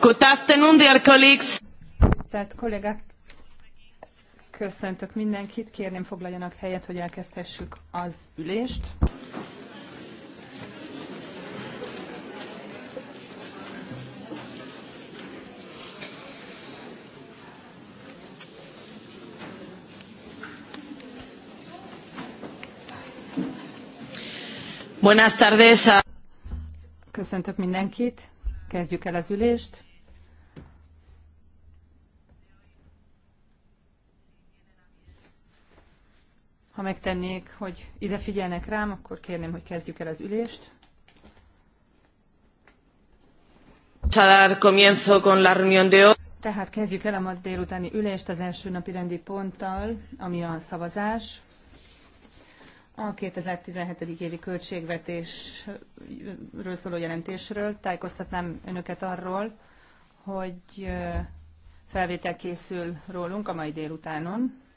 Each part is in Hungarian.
Good afternoon, dear colleagues. Tisztelt kollégák, köszöntök mindenkit. Kérném foglaljanak helyet, hogy elkezdhessük az ülést. Buenas tardes. Köszöntök mindenkit. Kezdjük el az ülést. Ha megtennék, hogy ide figyelnek rám, akkor kérném, hogy kezdjük el az ülést. Tehát kezdjük el a ma délutáni ülést az első napi rendi ponttal, ami a szavazás. A 2017. évi költségvetésről szóló jelentésről tájékoztatnám önöket arról, hogy felvétel készül rólunk a mai délutánon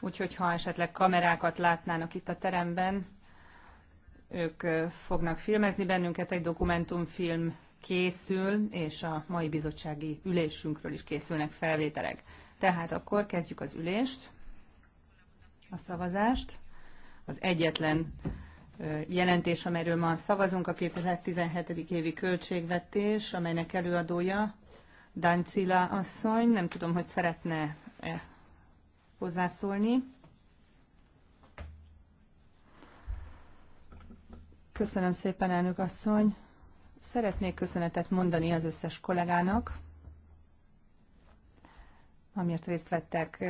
úgyhogy ha esetleg kamerákat látnának itt a teremben, ők fognak filmezni bennünket, egy dokumentumfilm készül, és a mai bizottsági ülésünkről is készülnek felvételek. Tehát akkor kezdjük az ülést, a szavazást. Az egyetlen jelentés, amelyről ma szavazunk, a 2017. évi költségvetés, amelynek előadója Dancila asszony. Nem tudom, hogy szeretne -e hozzászólni. Köszönöm szépen, elnök asszony. Szeretnék köszönetet mondani az összes kollégának, amiért részt vettek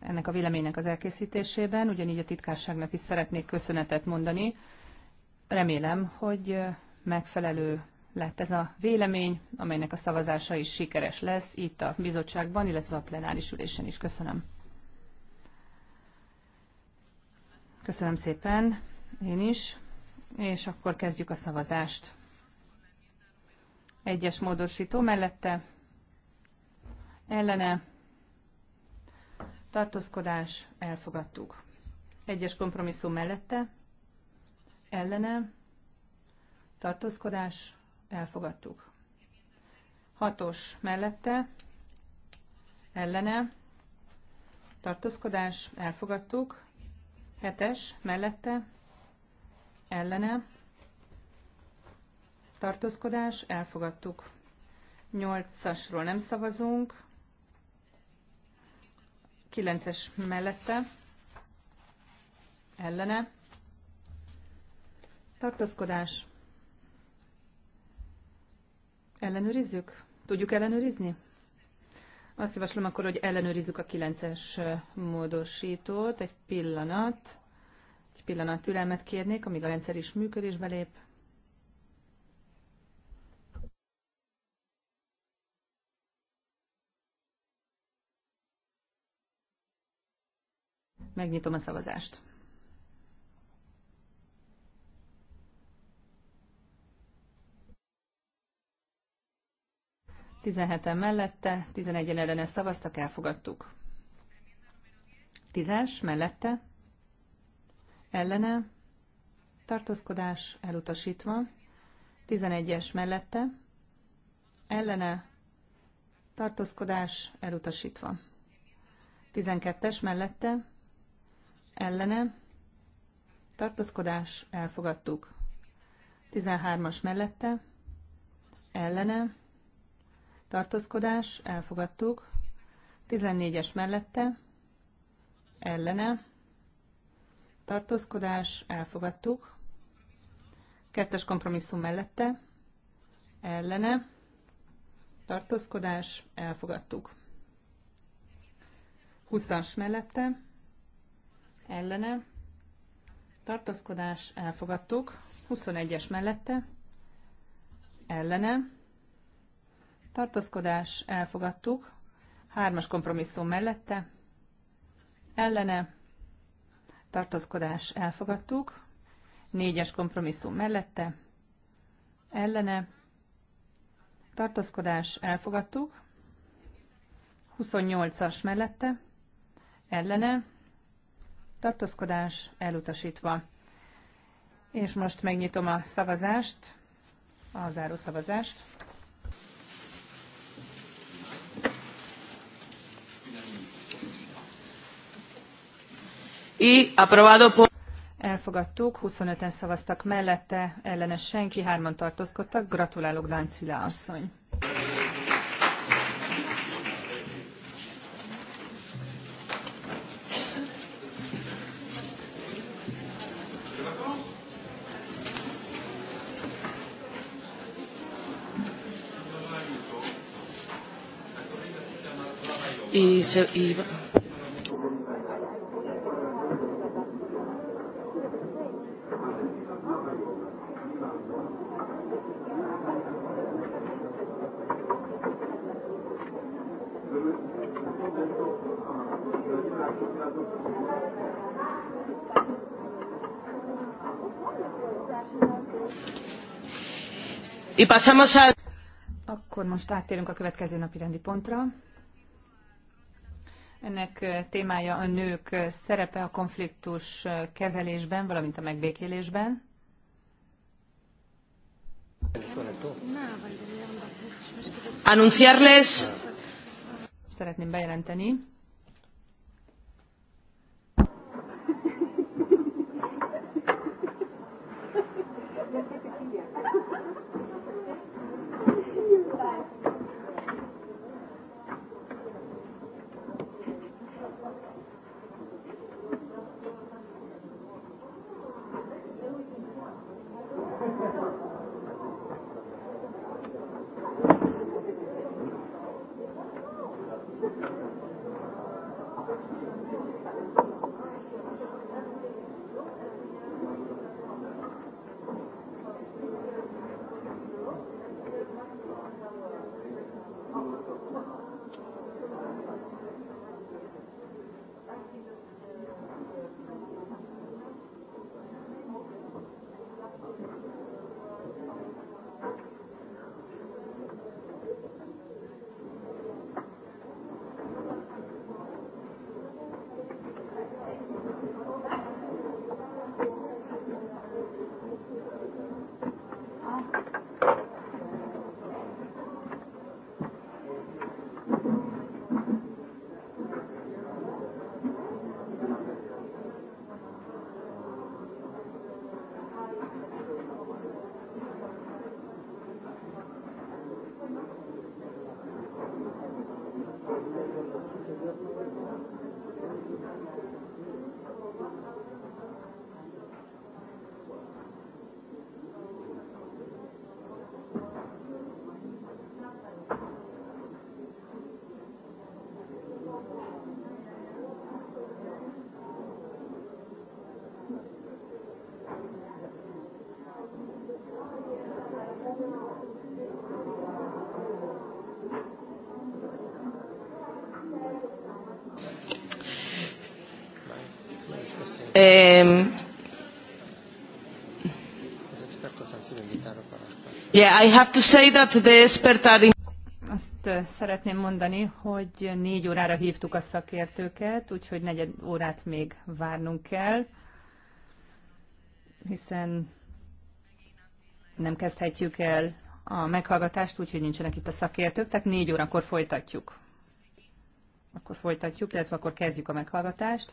ennek a véleménynek az elkészítésében. Ugyanígy a titkárságnak is szeretnék köszönetet mondani. Remélem, hogy megfelelő lett ez a vélemény, amelynek a szavazása is sikeres lesz itt a bizottságban, illetve a plenáris ülésen is. Köszönöm. Köszönöm szépen, én is. És akkor kezdjük a szavazást. Egyes módosító mellette, ellene, tartózkodás, elfogadtuk. Egyes kompromisszum mellette, ellene, tartózkodás, elfogadtuk. Hatos mellette, ellene, tartózkodás, elfogadtuk. Hetes mellette ellene tartózkodás, elfogadtuk. Nyolcasról nem szavazunk. kilences mellette ellene tartózkodás. Ellenőrizzük? Tudjuk ellenőrizni? Azt javaslom akkor, hogy ellenőrizzük a 9-es módosítót. Egy pillanat. Egy pillanat türelmet kérnék, amíg a rendszer is működésbe lép. Megnyitom a szavazást. 17-en mellette, 11-en ellene szavaztak, elfogadtuk. 10-es mellette, ellene, tartózkodás elutasítva, 11-es mellette, ellene, tartózkodás elutasítva. 12-es mellette, ellene, tartózkodás elfogadtuk. 13-as mellette, ellene, tartózkodás, elfogadtuk. 14-es mellette, ellene, tartózkodás, elfogadtuk. Kettes kompromisszum mellette, ellene, tartózkodás, elfogadtuk. 20-as mellette, ellene, tartózkodás, elfogadtuk. 21-es mellette, ellene, tartózkodás, elfogadtuk. Hármas kompromisszum mellette, ellene, tartózkodás, elfogadtuk. Négyes kompromisszum mellette, ellene, tartózkodás, elfogadtuk. 28-as mellette, ellene, tartózkodás, elutasítva. És most megnyitom a szavazást, a szavazást. y aprobado Elfogadtuk, 25-en szavaztak mellette, ellenes senki, hárman tartózkodtak. Gratulálok, Dáncila asszony! Y, se, Pasamos al... Akkor most áttérünk a következő napi rendi pontra. Ennek témája a nők szerepe a konfliktus kezelésben, valamint a megbékélésben. Anunciarles. Szeretném bejelenteni, Yeah, I have to say that the expert are Azt eh, szeretném mondani, hogy négy órára hívtuk a szakértőket, úgyhogy negyed órát még várnunk kell, hiszen nem kezdhetjük el a meghallgatást, úgyhogy nincsenek itt a szakértők, tehát négy órakor folytatjuk. Akkor folytatjuk, illetve akkor kezdjük a meghallgatást.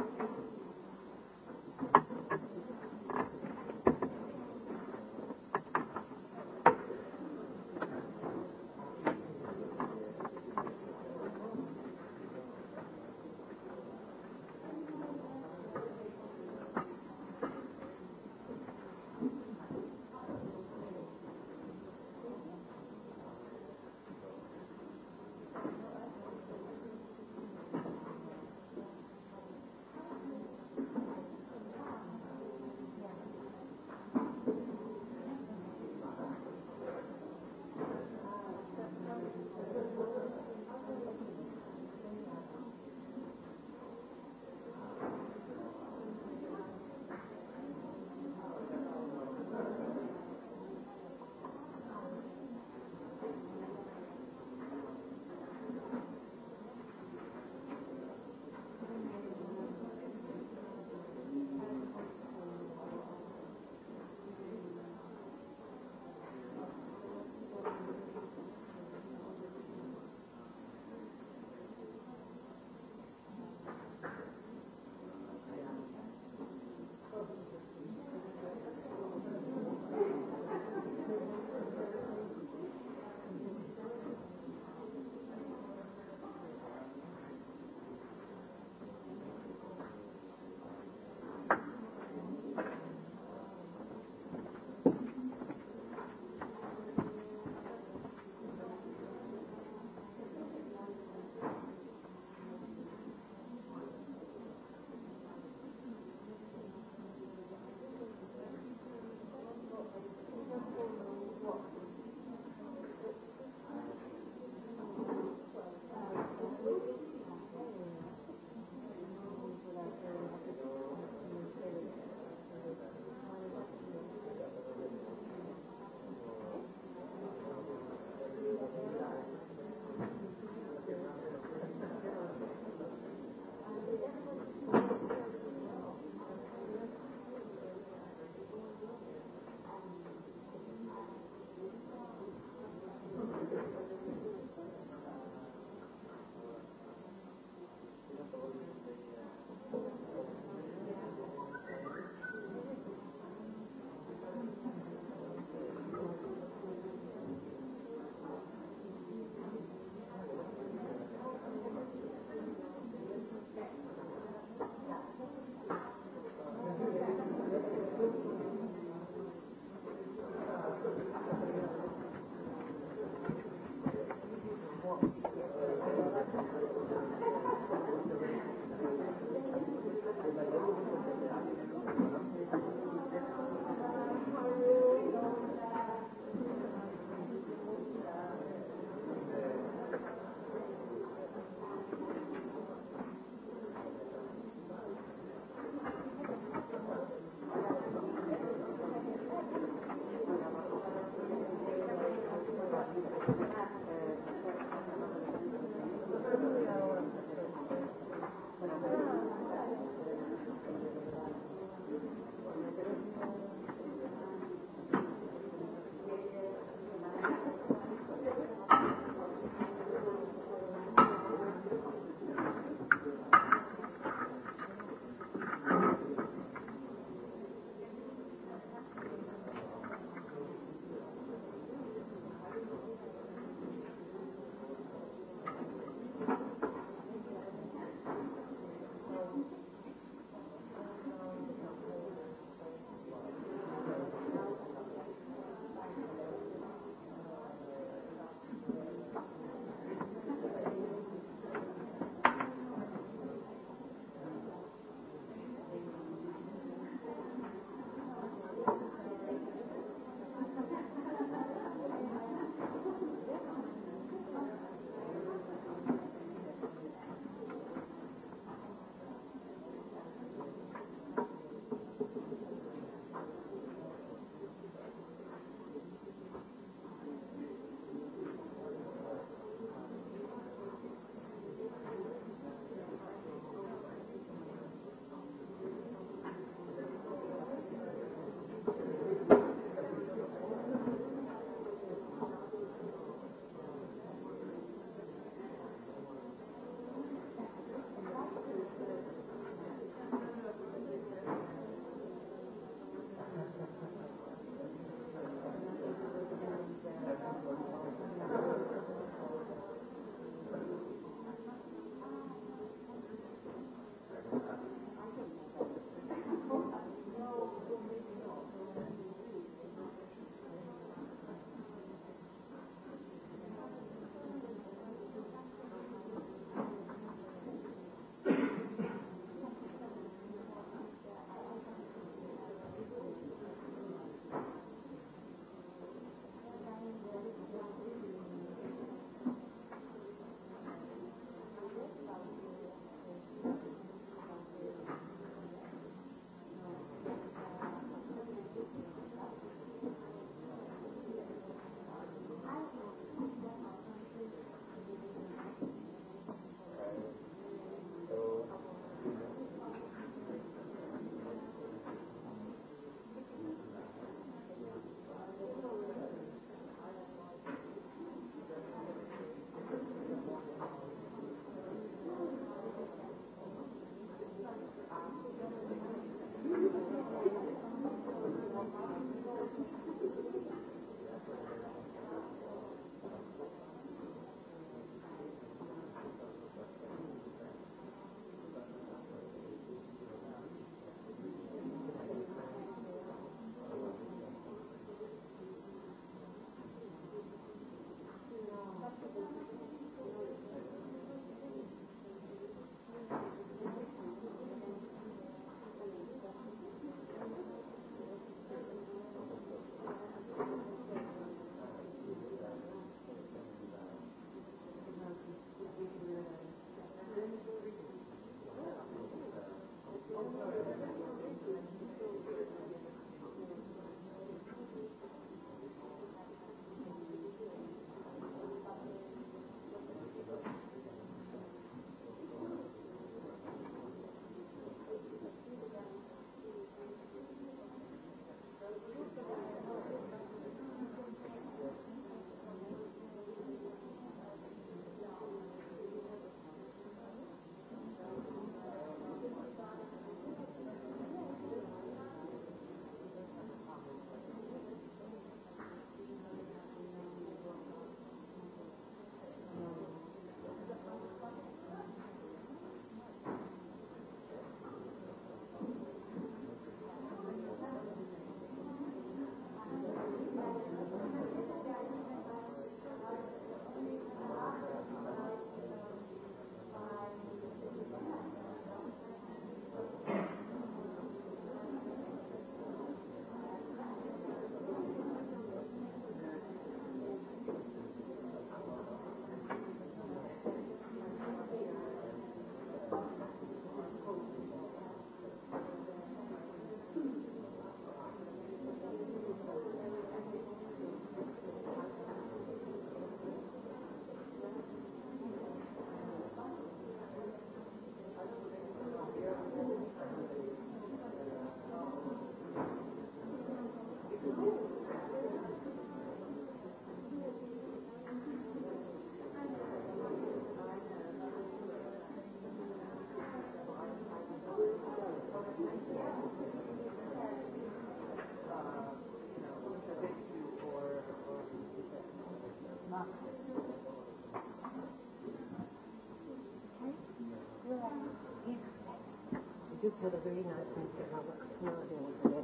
just had a very nice Mr. Howard. No, a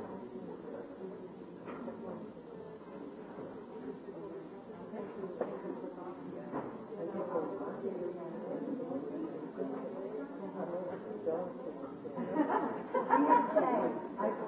Thank you. I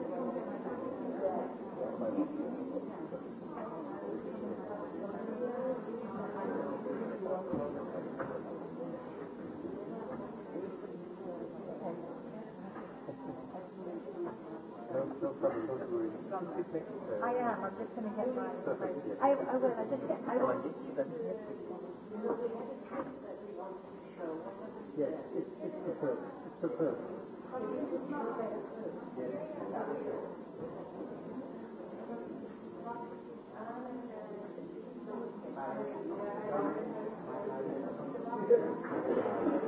I am. I'm just going to get my. I, I will. I just get. I Yes, it's, it's superb. It's superb. Yes.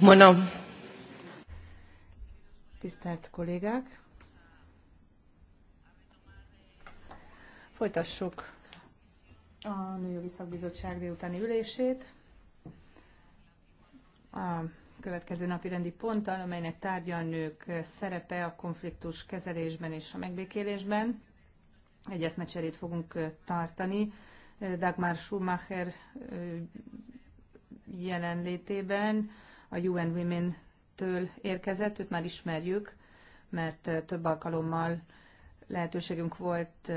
Mondom. Tisztelt kollégák! Folytassuk a Nőjogi Szakbizottság délutáni ülését. A következő napi rendi ponttal, amelynek tárgya a nők szerepe a konfliktus kezelésben és a megbékélésben. Egy eszmecserét fogunk tartani. Dagmar Schumacher jelenlétében a UN Women-től érkezett, őt már ismerjük, mert több alkalommal lehetőségünk volt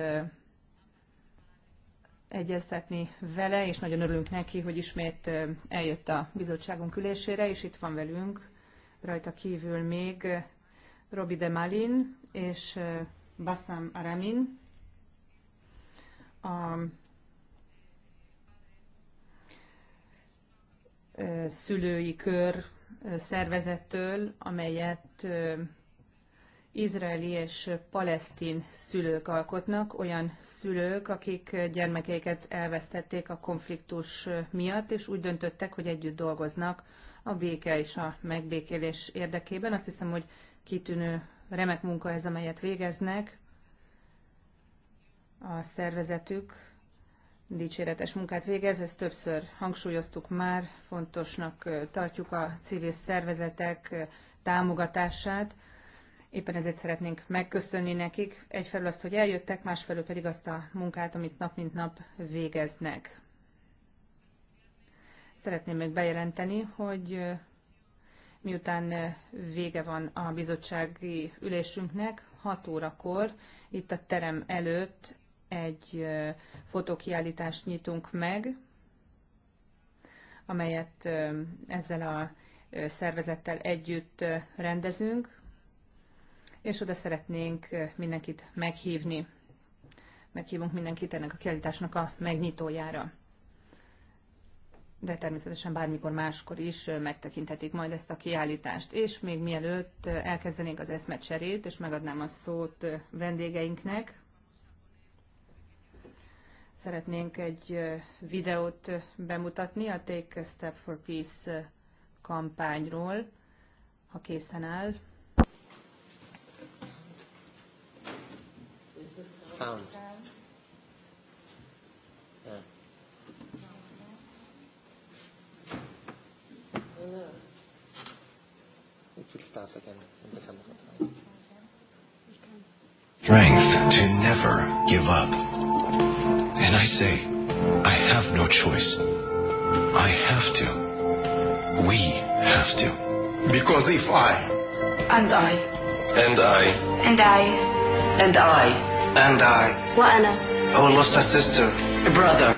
egyeztetni vele, és nagyon örülünk neki, hogy ismét eljött a bizottságunk ülésére, és itt van velünk rajta kívül még Robi de Malin és Bassam Aramin, a szülői kör szervezettől, amelyet izraeli és palesztin szülők alkotnak, olyan szülők, akik gyermekeiket elvesztették a konfliktus miatt, és úgy döntöttek, hogy együtt dolgoznak a béke és a megbékélés érdekében. Azt hiszem, hogy kitűnő, remek munka ez, amelyet végeznek a szervezetük, dicséretes munkát végez, ezt többször hangsúlyoztuk már, fontosnak tartjuk a civil szervezetek támogatását. Éppen ezért szeretnénk megköszönni nekik egyfelől azt, hogy eljöttek, másfelől pedig azt a munkát, amit nap mint nap végeznek. Szeretném még bejelenteni, hogy miután vége van a bizottsági ülésünknek, 6 órakor itt a terem előtt egy fotókiállítást nyitunk meg, amelyet ezzel a szervezettel együtt rendezünk, és oda szeretnénk mindenkit meghívni. Meghívunk mindenkit ennek a kiállításnak a megnyitójára. De természetesen bármikor máskor is megtekinthetik majd ezt a kiállítást. És még mielőtt elkezdenénk az eszmecserét, és megadnám a szót vendégeinknek, szeretnénk egy videót bemutatni a Take a Step for Peace kampányról, ha készen áll. Sound. Strength to never give up. And I say, I have no choice. I have to. We have to. Because if I. And I. And I. And I. And I. And I. And I. Who lost a sister. A brother.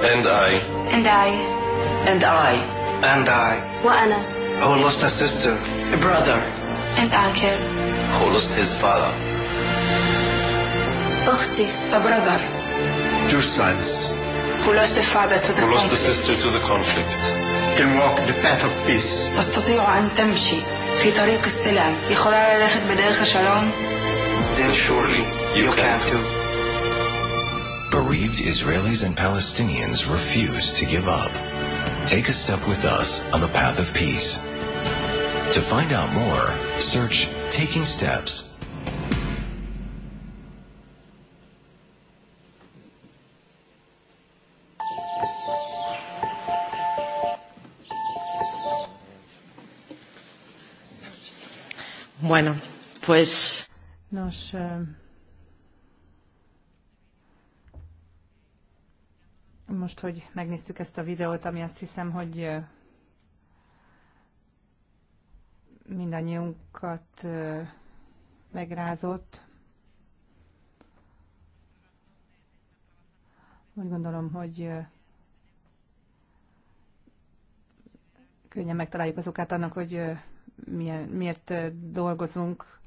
And I. And I. And I. And I. Anna? Who lost a sister. A brother. And uncle. Who lost his father. أختي. A brother. Your sons. Who lost a father to the Who conflict. lost a sister to the conflict. Can walk the path of peace. تستطيع أن تمشي في طريق السلام. يخلال ללכת בדרך השלום. Then surely you, you can, can too bereaved Israelis and Palestinians refuse to give up. Take a step with us on the path of peace. To find out more, search Taking Steps Bueno, pues. Nos, uh... most, hogy megnéztük ezt a videót, ami azt hiszem, hogy mindannyiunkat megrázott. Úgy gondolom, hogy könnyen megtaláljuk az okát annak, hogy milyen, miért dolgozunk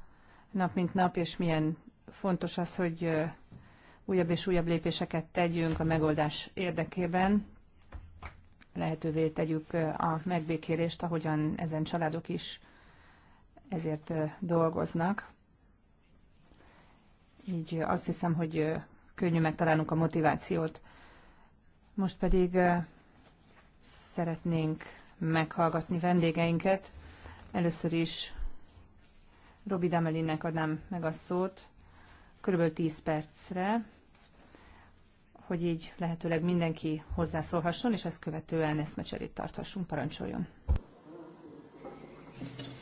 nap mint nap, és milyen fontos az, hogy újabb és újabb lépéseket tegyünk a megoldás érdekében, lehetővé tegyük a megbékélést, ahogyan ezen családok is ezért dolgoznak. Így azt hiszem, hogy könnyű megtalálnunk a motivációt. Most pedig szeretnénk meghallgatni vendégeinket. Először is Robi Damelinnek adnám meg a szót, körülbelül 10 percre, hogy így lehetőleg mindenki hozzászólhasson, és ezt követően eszmecserét tarthassunk. Parancsoljon!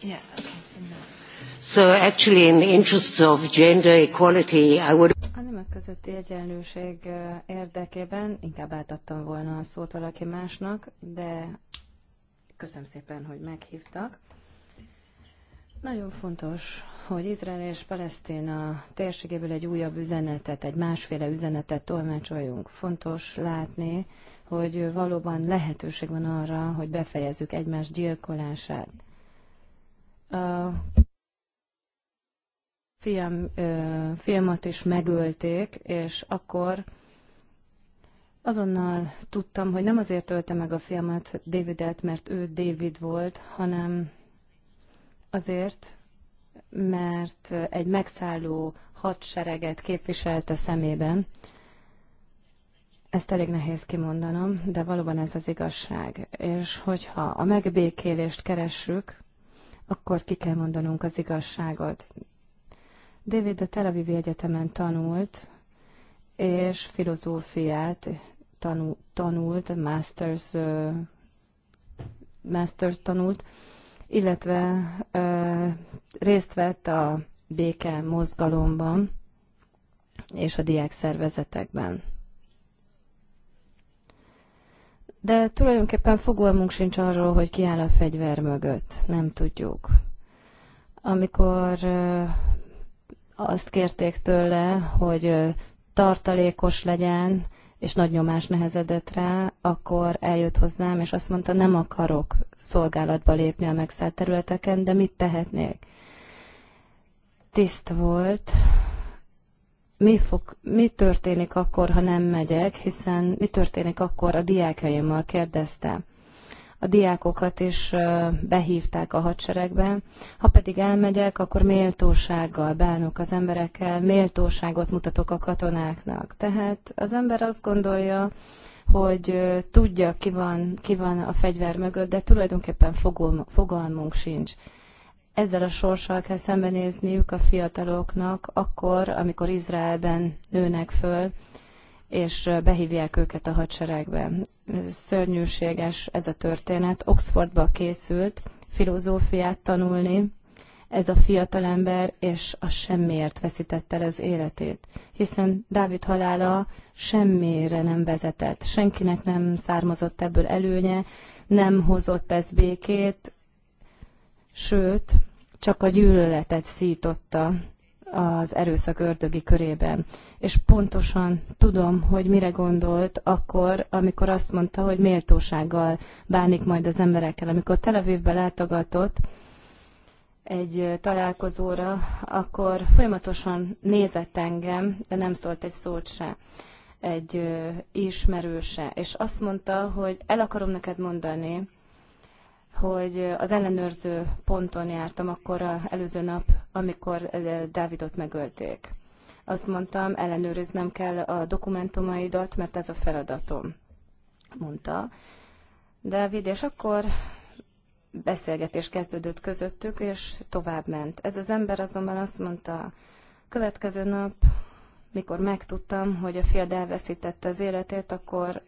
Yeah, So actually in the interests of gender equality, I would... A nemek közötti egyenlőség érdekében inkább átadtam volna a szót valaki másnak, de köszönöm szépen, hogy meghívtak. Nagyon fontos hogy Izrael és Palesztina térségéből egy újabb üzenetet, egy másféle üzenetet tolmácsoljunk. Fontos látni, hogy valóban lehetőség van arra, hogy befejezzük egymás gyilkolását. A fiam, ö, filmat is megölték, és akkor azonnal tudtam, hogy nem azért ölte meg a filmet Davidet, mert ő David volt, hanem azért, mert egy megszálló hadsereget képviselte szemében. Ezt elég nehéz kimondanom, de valóban ez az igazság. És hogyha a megbékélést keressük, akkor ki kell mondanunk az igazságot. David a Tel Aviv Egyetemen tanult, és filozófiát tanult, tanult masters, masters tanult, illetve ö, részt vett a béke mozgalomban és a diák szervezetekben. De tulajdonképpen fogalmunk sincs arról, hogy ki áll a fegyver mögött. Nem tudjuk. Amikor ö, azt kérték tőle, hogy ö, tartalékos legyen, és nagy nyomás nehezedett rá, akkor eljött hozzám, és azt mondta, nem akarok szolgálatba lépni a megszállt területeken, de mit tehetnék? Tiszt volt, mi, fog, mi történik akkor, ha nem megyek, hiszen mi történik akkor a diákjaimmal kérdezte a diákokat is behívták a hadseregbe. Ha pedig elmegyek, akkor méltósággal bánok az emberekkel, méltóságot mutatok a katonáknak. Tehát az ember azt gondolja, hogy tudja, ki van, ki van a fegyver mögött, de tulajdonképpen fogalmunk sincs. Ezzel a sorssal kell szembenézniük a fiataloknak akkor, amikor Izraelben nőnek föl, és behívják őket a hadseregbe szörnyűséges ez a történet. Oxfordba készült filozófiát tanulni, ez a fiatalember és a semmiért veszített el az életét, hiszen Dávid halála semmire nem vezetett, senkinek nem származott ebből előnye, nem hozott ez békét, sőt, csak a gyűlöletet szította az erőszak ördögi körében. És pontosan tudom, hogy mire gondolt akkor, amikor azt mondta, hogy méltósággal bánik majd az emberekkel. Amikor Tel Avivbe látogatott egy találkozóra, akkor folyamatosan nézett engem, de nem szólt egy szót se egy ismerőse, és azt mondta, hogy el akarom neked mondani, hogy az ellenőrző ponton jártam akkor a előző nap, amikor eh, Dávidot megölték. Azt mondtam, ellenőriznem kell a dokumentumaidat, mert ez a feladatom, mondta. Dávid, és akkor beszélgetés kezdődött közöttük, és tovább ment. Ez az ember azonban azt mondta, következő nap mikor megtudtam, hogy a fiad elveszítette az életét, akkor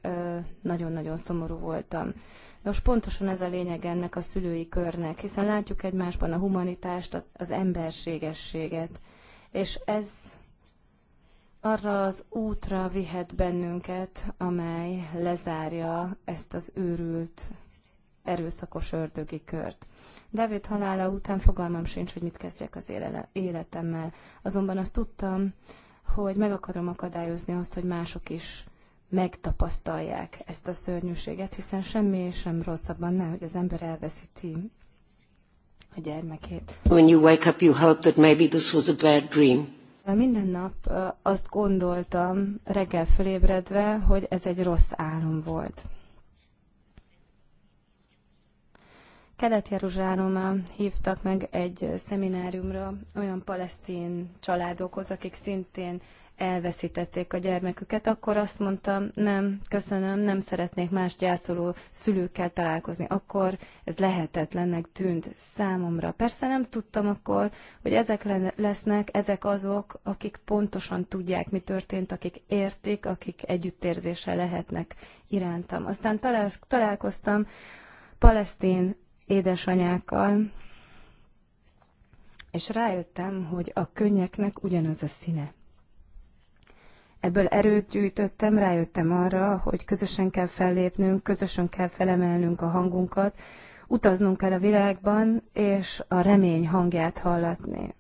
nagyon-nagyon szomorú voltam. Nos, pontosan ez a lényeg ennek a szülői körnek, hiszen látjuk egymásban a humanitást, az emberségességet. És ez arra az útra vihet bennünket, amely lezárja ezt az őrült, erőszakos ördögi kört. David halála után fogalmam sincs, hogy mit kezdjek az életemmel. Azonban azt tudtam, hogy meg akarom akadályozni azt, hogy mások is megtapasztalják ezt a szörnyűséget, hiszen semmi sem rosszabb annál, hogy az ember elveszíti a gyermekét. When you wake up, you hope that maybe this was a bad dream. Minden nap azt gondoltam reggel fölébredve, hogy ez egy rossz álom volt. Kelet-Jeruzsálomban hívtak meg egy szemináriumra olyan palesztin családokhoz, akik szintén elveszítették a gyermeküket, akkor azt mondtam, nem, köszönöm, nem szeretnék más gyászoló szülőkkel találkozni. Akkor ez lehetetlennek tűnt számomra. Persze nem tudtam akkor, hogy ezek lesznek, ezek azok, akik pontosan tudják, mi történt, akik értik, akik együttérzése lehetnek irántam. Aztán találkoztam palesztin édesanyákkal, és rájöttem, hogy a könnyeknek ugyanaz a színe. Ebből erőt gyűjtöttem, rájöttem arra, hogy közösen kell fellépnünk, közösen kell felemelnünk a hangunkat, utaznunk kell a világban, és a remény hangját hallatni.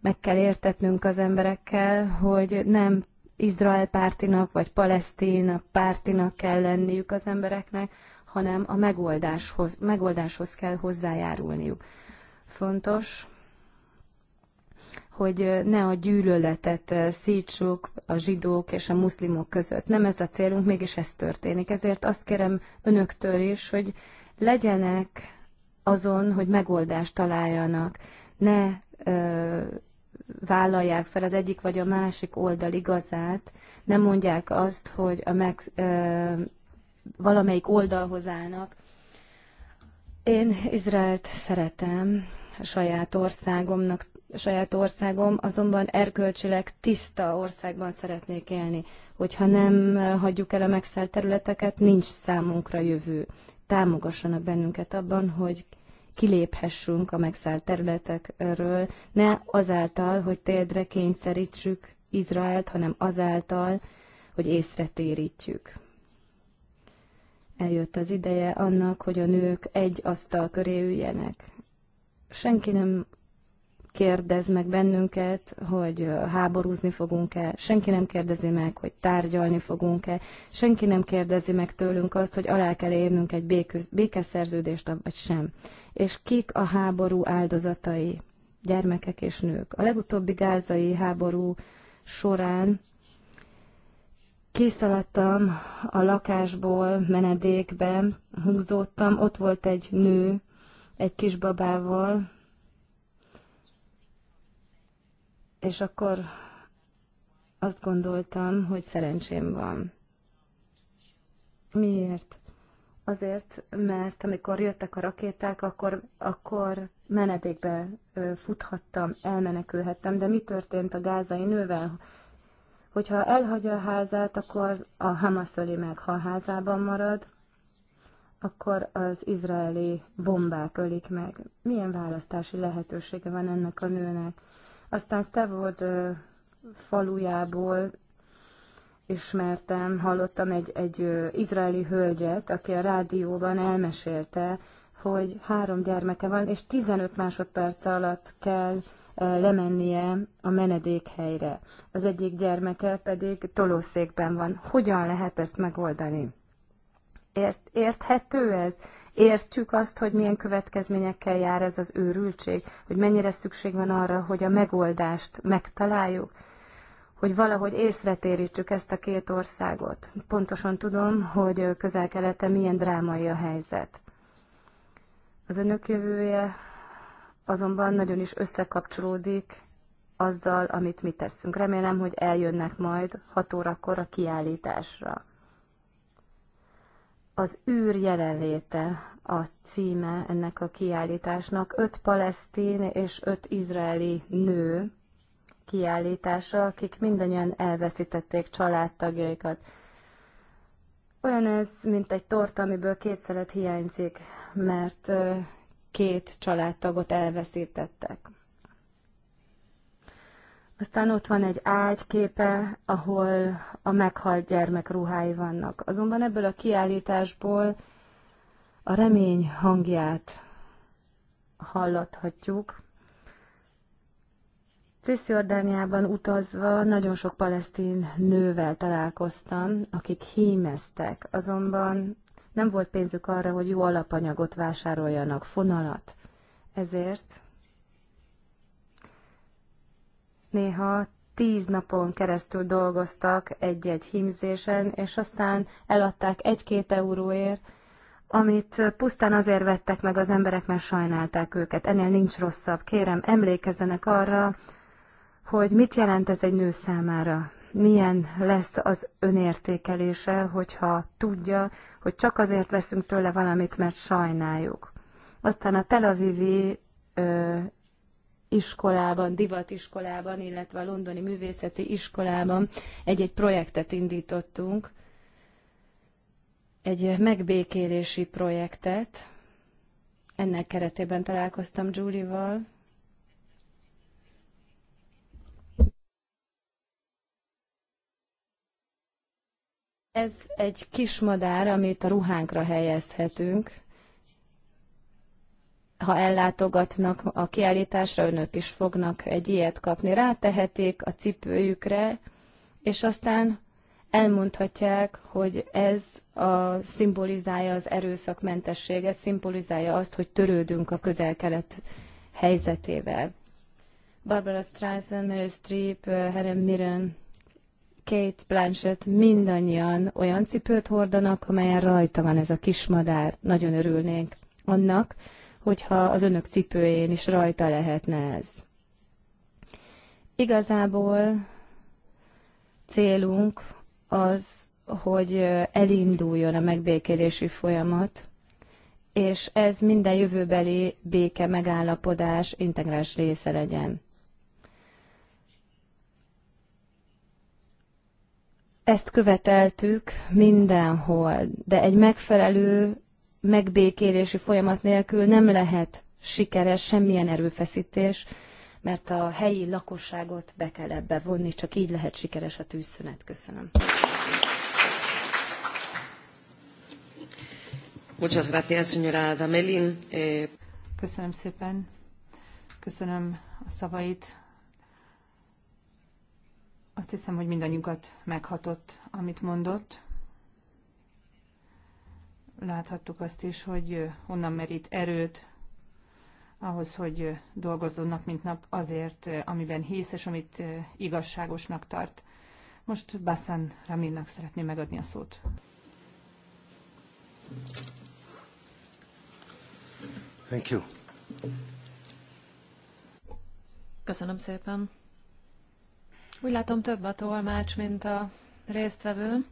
Meg kell értetnünk az emberekkel, hogy nem Izrael pártinak vagy Palesztina pártinak kell lenniük az embereknek, hanem a megoldáshoz, megoldáshoz kell hozzájárulniuk. Fontos, hogy ne a gyűlöletet eh, szítsuk a zsidók és a muszlimok között. Nem ez a célunk, mégis ez történik. Ezért azt kérem önöktől is, hogy legyenek azon, hogy megoldást találjanak. Ne ö, vállalják fel az egyik vagy a másik oldal igazát, Ne mondják azt, hogy a meg, ö, valamelyik oldalhoz állnak. Én Izraelt szeretem, a saját országomnak, a saját országom, azonban erkölcsileg tiszta országban szeretnék élni. Hogyha nem hagyjuk el a megszállt területeket, nincs számunkra jövő. Támogassanak bennünket abban, hogy kiléphessünk a megszállt területekről, ne azáltal, hogy térdre kényszerítsük Izraelt, hanem azáltal, hogy észre térítjük. Eljött az ideje annak, hogy a nők egy asztal köré üljenek. Senki nem kérdez meg bennünket, hogy háborúzni fogunk-e, senki nem kérdezi meg, hogy tárgyalni fogunk-e, senki nem kérdezi meg tőlünk azt, hogy alá kell érnünk egy békeszerződést, vagy sem. És kik a háború áldozatai? Gyermekek és nők. A legutóbbi gázai háború során kiszaladtam a lakásból, menedékbe, húzódtam, ott volt egy nő, egy kisbabával, és akkor azt gondoltam, hogy szerencsém van. Miért? Azért, mert amikor jöttek a rakéták, akkor, akkor menedékbe futhattam, elmenekülhettem, de mi történt a gázai nővel? Hogyha elhagyja a házát, akkor a Hamas meg, ha a házában marad, akkor az izraeli bombák ölik meg. Milyen választási lehetősége van ennek a nőnek? Aztán Stavod falujából ismertem, hallottam egy, egy izraeli hölgyet, aki a rádióban elmesélte, hogy három gyermeke van, és 15 másodperc alatt kell lemennie a menedékhelyre. Az egyik gyermeke pedig tolószékben van. Hogyan lehet ezt megoldani? Ért, érthető ez? Értjük azt, hogy milyen következményekkel jár ez az őrültség, hogy mennyire szükség van arra, hogy a megoldást megtaláljuk, hogy valahogy észretérítsük ezt a két országot. Pontosan tudom, hogy közel-keleten milyen drámai a helyzet. Az önök jövője azonban nagyon is összekapcsolódik azzal, amit mi teszünk. Remélem, hogy eljönnek majd 6 órakor a kiállításra. Az űr jelenléte a címe ennek a kiállításnak. Öt palesztin és öt izraeli nő kiállítása, akik mindannyian elveszítették családtagjaikat. Olyan ez, mint egy torta, amiből két szelet hiányzik, mert két családtagot elveszítettek. Aztán ott van egy ágyképe, ahol a meghalt gyermek ruhái vannak. Azonban ebből a kiállításból a remény hangját hallathatjuk. Cisziordániában utazva nagyon sok palesztin nővel találkoztam, akik hímeztek, azonban nem volt pénzük arra, hogy jó alapanyagot vásároljanak, fonalat. Ezért néha tíz napon keresztül dolgoztak egy-egy hímzésen, és aztán eladták egy-két euróért, amit pusztán azért vettek meg az emberek, mert sajnálták őket. Ennél nincs rosszabb. Kérem, emlékezzenek arra, hogy mit jelent ez egy nő számára milyen lesz az önértékelése, hogyha tudja, hogy csak azért veszünk tőle valamit, mert sajnáljuk. Aztán a Tel Avivi ö, iskolában, divatiskolában, illetve a londoni művészeti iskolában egy-egy projektet indítottunk, egy megbékélési projektet. Ennek keretében találkoztam Julie-val, Ez egy kismadár, amit a ruhánkra helyezhetünk. Ha ellátogatnak a kiállításra, önök is fognak egy ilyet kapni. Rátehetik a cipőjükre, és aztán elmondhatják, hogy ez a, szimbolizálja az erőszakmentességet, szimbolizálja azt, hogy törődünk a közel-kelet helyzetével. Barbara Streisand, Meryl Streep, Helen Mirren, Kate Blanchett mindannyian olyan cipőt hordanak, amelyen rajta van ez a kismadár. Nagyon örülnénk annak, hogyha az önök cipőjén is rajta lehetne ez. Igazából célunk az, hogy elinduljon a megbékélési folyamat, és ez minden jövőbeli béke megállapodás integrás része legyen. Ezt követeltük mindenhol, de egy megfelelő megbékélési folyamat nélkül nem lehet sikeres semmilyen erőfeszítés, mert a helyi lakosságot be kell ebbe vonni, csak így lehet sikeres a tűzszünet. Köszönöm. Muchas gracias, señora Damelin. Eh, Köszönöm szépen. Köszönöm a szavait, azt hiszem, hogy mindannyiunkat meghatott, amit mondott. Láthattuk azt is, hogy honnan merít erőt ahhoz, hogy dolgozzon nap mint nap azért, amiben hisz, és amit igazságosnak tart. Most Bassan Raminnak szeretném megadni a szót. Thank you. Köszönöm szépen. Úgy látom több a tolmács, mint a résztvevő.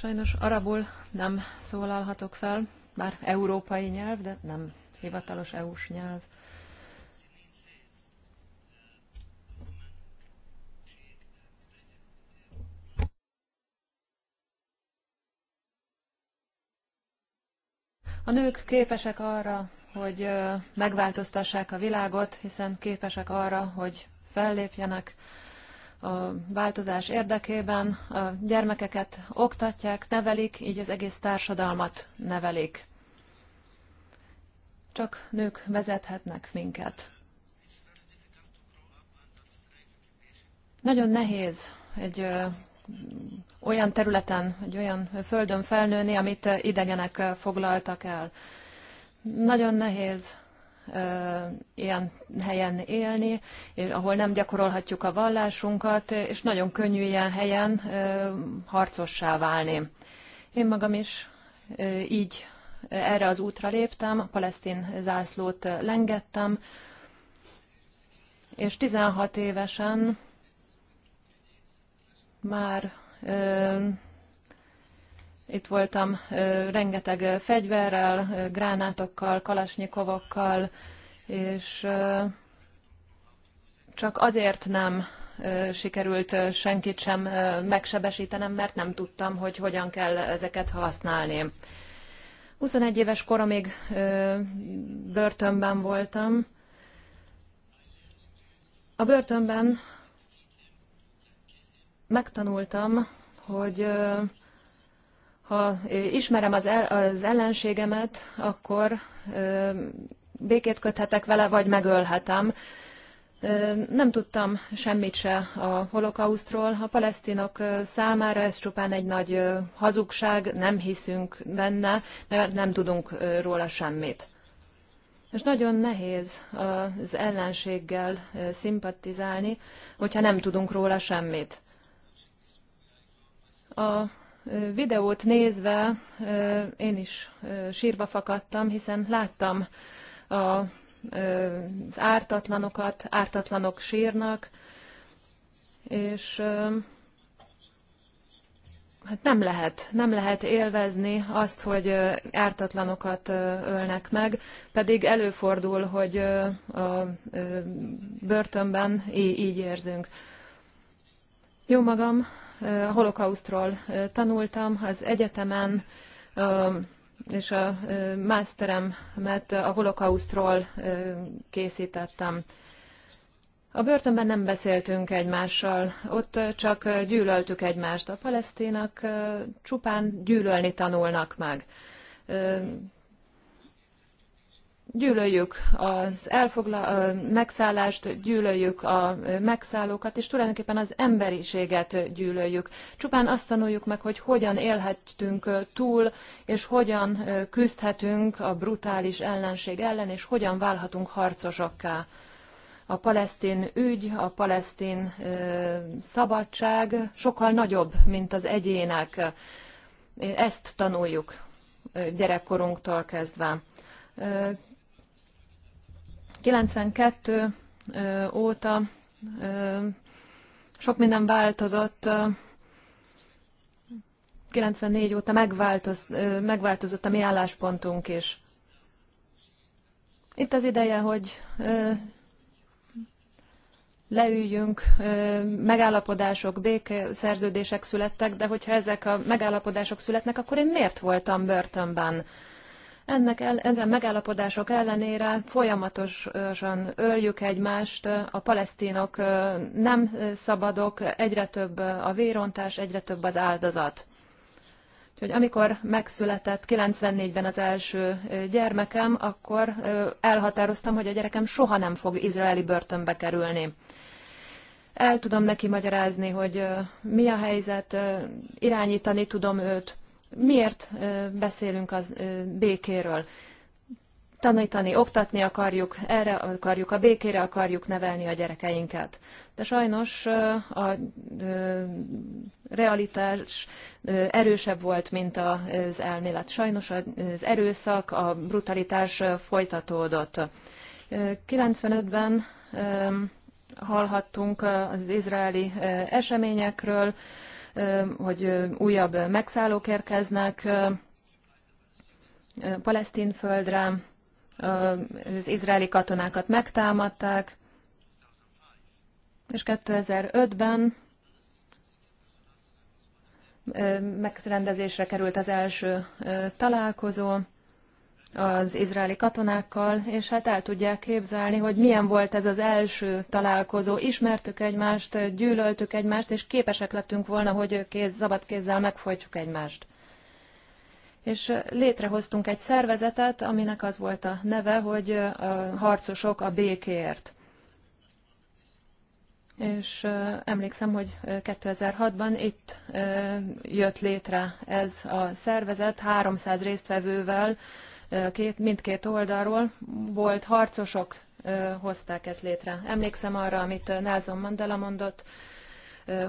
Sajnos arabul nem szólalhatok fel, bár európai nyelv, de nem hivatalos EU-s nyelv. A nők képesek arra, hogy megváltoztassák a világot, hiszen képesek arra, hogy fellépjenek a változás érdekében, a gyermekeket oktatják, nevelik, így az egész társadalmat nevelik. Csak nők vezethetnek minket. Nagyon nehéz egy olyan területen, egy olyan földön felnőni, amit eh, idegenek eh, foglaltak el. Nagyon nehéz eh, ilyen helyen élni, és ahol nem gyakorolhatjuk a vallásunkat, és nagyon könnyű ilyen helyen harcossá válni. Én magam is így erre az útra léptem, a palesztin zászlót lengettem, és 16 évesen már itt voltam rengeteg fegyverrel, gránátokkal, kalasnyikovokkal, és csak azért nem sikerült senkit sem megsebesítenem, mert nem tudtam, hogy hogyan kell ezeket használni. 21 éves koromig börtönben voltam. A börtönben megtanultam, hogy ha ismerem az, el, az ellenségemet, akkor békét köthetek vele, vagy megölhetem. Nem tudtam semmit se a holokausztról. A palesztinok számára ez csupán egy nagy hazugság, nem hiszünk benne, mert nem tudunk róla semmit. És nagyon nehéz az ellenséggel szimpatizálni, hogyha nem tudunk róla semmit. A videót nézve én is sírva fakadtam, hiszen láttam a, az ártatlanokat, ártatlanok sírnak, és hát nem lehet, nem lehet élvezni azt, hogy ártatlanokat ölnek meg, pedig előfordul, hogy a börtönben így érzünk. Jó magam, holokausztról tanultam az egyetemen, és a másteremet a holokausztról készítettem. A börtönben nem beszéltünk egymással, ott csak gyűlöltük egymást. A palesztinak csupán gyűlölni tanulnak meg gyűlöljük az elfogla- megszállást, gyűlöljük a megszállókat, és tulajdonképpen az emberiséget gyűlöljük. Csupán azt tanuljuk meg, hogy hogyan élhetünk túl, és hogyan küzdhetünk a brutális ellenség ellen, és hogyan válhatunk harcosokká. A palesztin ügy, a palesztin szabadság sokkal nagyobb, mint az egyének. Ezt tanuljuk gyerekkorunktól kezdve 92 óta sok minden változott, 94 óta megváltoz, megváltozott a mi álláspontunk is. Itt az ideje, hogy leüljünk, megállapodások, békeszerződések születtek, de hogyha ezek a megállapodások születnek, akkor én miért voltam börtönben? Ennek el, ezen megállapodások ellenére folyamatosan öljük egymást, a palesztinok nem szabadok, egyre több a vérontás, egyre több az áldozat. Úgyhogy amikor megszületett 94-ben az első gyermekem, akkor elhatároztam, hogy a gyerekem soha nem fog izraeli börtönbe kerülni. El tudom neki magyarázni, hogy mi a helyzet, irányítani tudom őt, Miért beszélünk az békéről? tanítani, oktatni akarjuk, erre akarjuk, a békére akarjuk nevelni a gyerekeinket. De sajnos a realitás erősebb volt, mint az elmélet. Sajnos az erőszak, a brutalitás folytatódott. 95-ben hallhattunk az izraeli eseményekről, hogy újabb megszállók érkeznek palesztin földre, az izraeli katonákat megtámadták, és 2005-ben megrendezésre került az első találkozó, az izraeli katonákkal, és hát el tudják képzelni, hogy milyen volt ez az első találkozó. Ismertük egymást, gyűlöltük egymást, és képesek lettünk volna, hogy kéz, szabad kézzel megfojtjuk egymást. És létrehoztunk egy szervezetet, aminek az volt a neve, hogy a harcosok a békéért. És emlékszem, hogy 2006-ban itt jött létre ez a szervezet 300 résztvevővel, két, mindkét oldalról volt harcosok, hozták ezt létre. Emlékszem arra, amit Nelson Mandela mondott,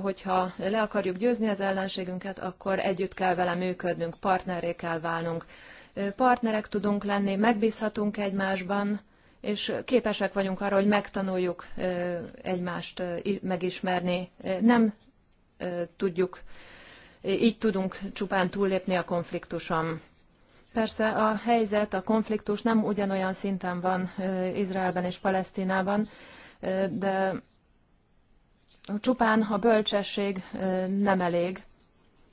hogyha le akarjuk győzni az ellenségünket, akkor együtt kell vele működnünk, partnerré kell válnunk. Partnerek tudunk lenni, megbízhatunk egymásban, és képesek vagyunk arra, hogy megtanuljuk egymást megismerni. Nem tudjuk, így tudunk csupán túllépni a konfliktuson. Persze a helyzet, a konfliktus nem ugyanolyan szinten van Izraelben és Palesztinában, de csupán a bölcsesség nem elég.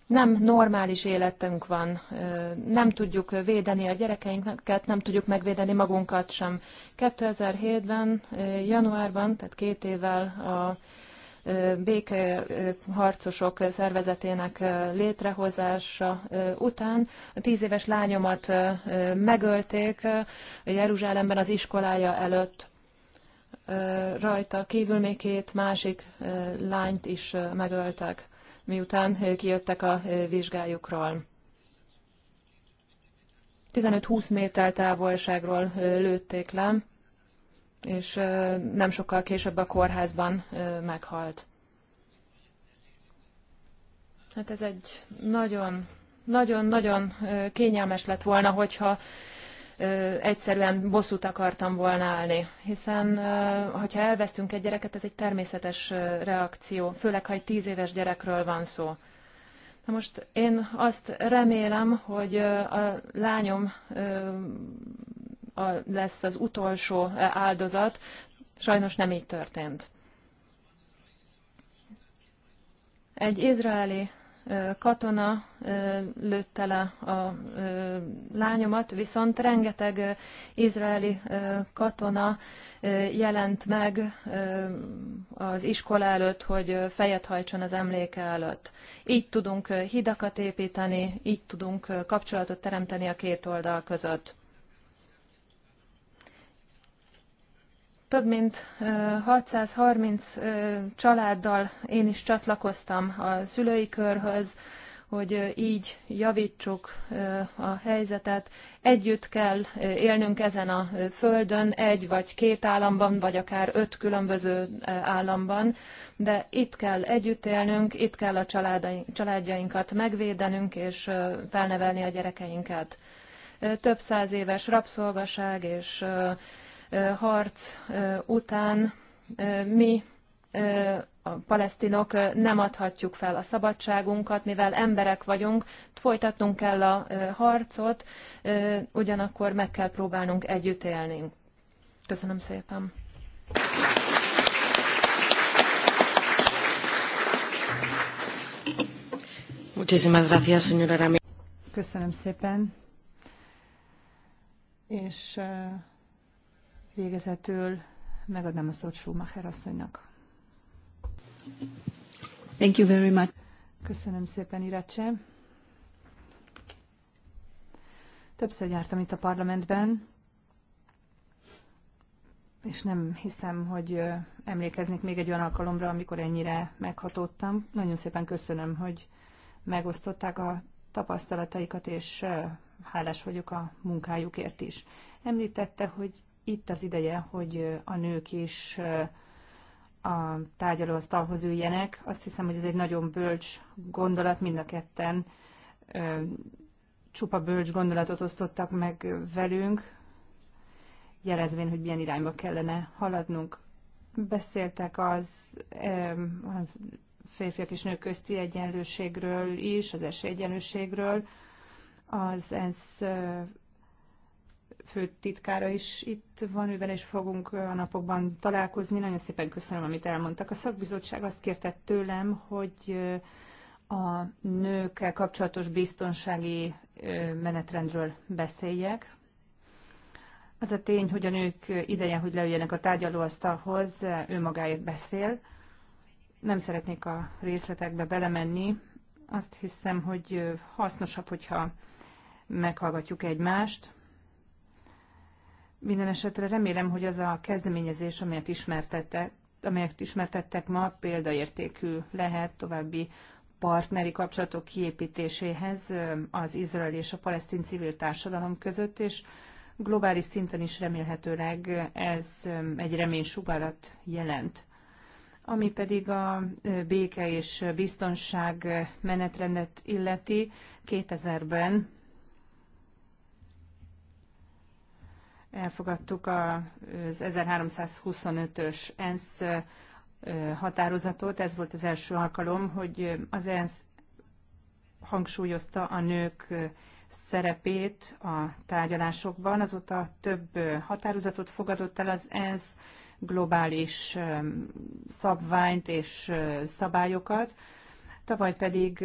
Nem normális életünk van, nem tudjuk védeni a gyerekeinket, nem tudjuk megvédeni magunkat sem. 2007-ben, januárban, tehát két évvel a békeharcosok szervezetének létrehozása után. A tíz éves lányomat megölték Jeruzsálemben az iskolája előtt. Rajta kívül még két másik lányt is megöltek, miután kijöttek a vizsgájukról. 15-20 méter távolságról lőtték le és nem sokkal később a kórházban meghalt. Hát ez egy nagyon, nagyon, nagyon kényelmes lett volna, hogyha egyszerűen bosszút akartam volna állni. Hiszen, hogyha elvesztünk egy gyereket, ez egy természetes reakció, főleg, ha egy tíz éves gyerekről van szó. Na most én azt remélem, hogy a lányom lesz az utolsó e, áldozat. Sajnos nem így történt. Egy izraeli e, katona e, lőtte le a lányomat, viszont rengeteg izraeli katona jelent meg az iskola előtt, hogy fejet hajtson az emléke előtt. Így tudunk hidakat építeni, így tudunk kapcsolatot teremteni a két oldal között. Több mint 630 családdal én is csatlakoztam a szülői körhöz, hogy így javítsuk a helyzetet. Együtt kell élnünk ezen a földön, egy vagy két államban, vagy akár öt különböző államban, de itt kell együtt élnünk, itt kell a családjainkat megvédenünk és felnevelni a gyerekeinket. Több száz éves rabszolgaság és harc után mi a palesztinok nem adhatjuk fel a szabadságunkat, mivel emberek vagyunk, folytatnunk kell a harcot, ugyanakkor meg kell próbálnunk együtt élni. Köszönöm szépen! Köszönöm szépen. És Végezetül megadnám a szót Schumacher asszonynak. Thank you very much. Köszönöm szépen, Irecse. Többször jártam itt a parlamentben, és nem hiszem, hogy emlékeznék még egy olyan alkalomra, amikor ennyire meghatódtam. Nagyon szépen köszönöm, hogy megosztották a tapasztalataikat, és hálás vagyok a munkájukért is. Említette, hogy itt az ideje, hogy a nők is a tárgyalóasztalhoz üljenek. Azt hiszem, hogy ez egy nagyon bölcs gondolat, mind a ketten csupa bölcs gondolatot osztottak meg velünk, jelezvén, hogy milyen irányba kellene haladnunk. Beszéltek az férfiak és nők közti egyenlőségről is, az esélyegyenlőségről, az ENSZ főtitkára is itt van, ővel is fogunk a napokban találkozni. Nagyon szépen köszönöm, amit elmondtak. A szakbizottság azt kérte tőlem, hogy a nőkkel kapcsolatos biztonsági menetrendről beszéljek. Az a tény, hogy a nők ideje, hogy leüljenek a tárgyalóasztalhoz, ő magáért beszél. Nem szeretnék a részletekbe belemenni. Azt hiszem, hogy hasznosabb, hogyha meghallgatjuk egymást, minden esetre remélem, hogy az a kezdeményezés, amelyet ismertettek, amelyet ismertettek ma, példaértékű lehet további partneri kapcsolatok kiépítéséhez az izrael és a palesztin civil társadalom között, és globális szinten is remélhetőleg ez egy reménysugarat jelent. Ami pedig a béke és biztonság menetrendet illeti, 2000-ben elfogadtuk az 1325-ös ENSZ határozatot. Ez volt az első alkalom, hogy az ENSZ hangsúlyozta a nők szerepét a tárgyalásokban. Azóta több határozatot fogadott el az ENSZ globális szabványt és szabályokat, Tavaly pedig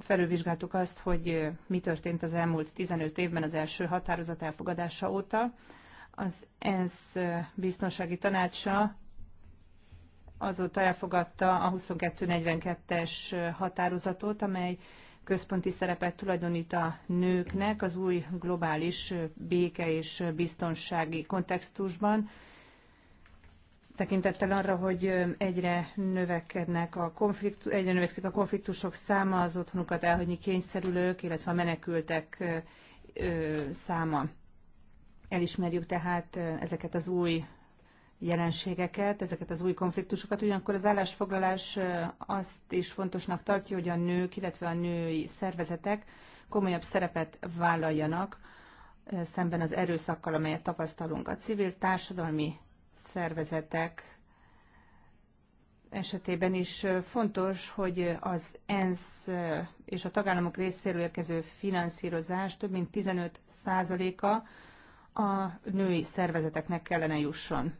felülvizsgáltuk azt, hogy mi történt az elmúlt 15 évben az első határozat elfogadása óta. Az ENSZ biztonsági tanácsa azóta elfogadta a 2242-es határozatot, amely központi szerepet tulajdonít a nőknek az új globális béke és biztonsági kontextusban, tekintettel arra, hogy egyre növekednek a konfliktus, egyre növekszik a konfliktusok száma, az otthonukat elhagyni kényszerülők, illetve a menekültek száma. Elismerjük tehát ezeket az új jelenségeket, ezeket az új konfliktusokat, ugyanakkor az állásfoglalás azt is fontosnak tartja, hogy a nők, illetve a női szervezetek komolyabb szerepet vállaljanak szemben az erőszakkal, amelyet tapasztalunk. A civil társadalmi szervezetek esetében is fontos, hogy az ENSZ és a tagállamok részéről érkező finanszírozás több mint 15 százaléka a női szervezeteknek kellene jusson.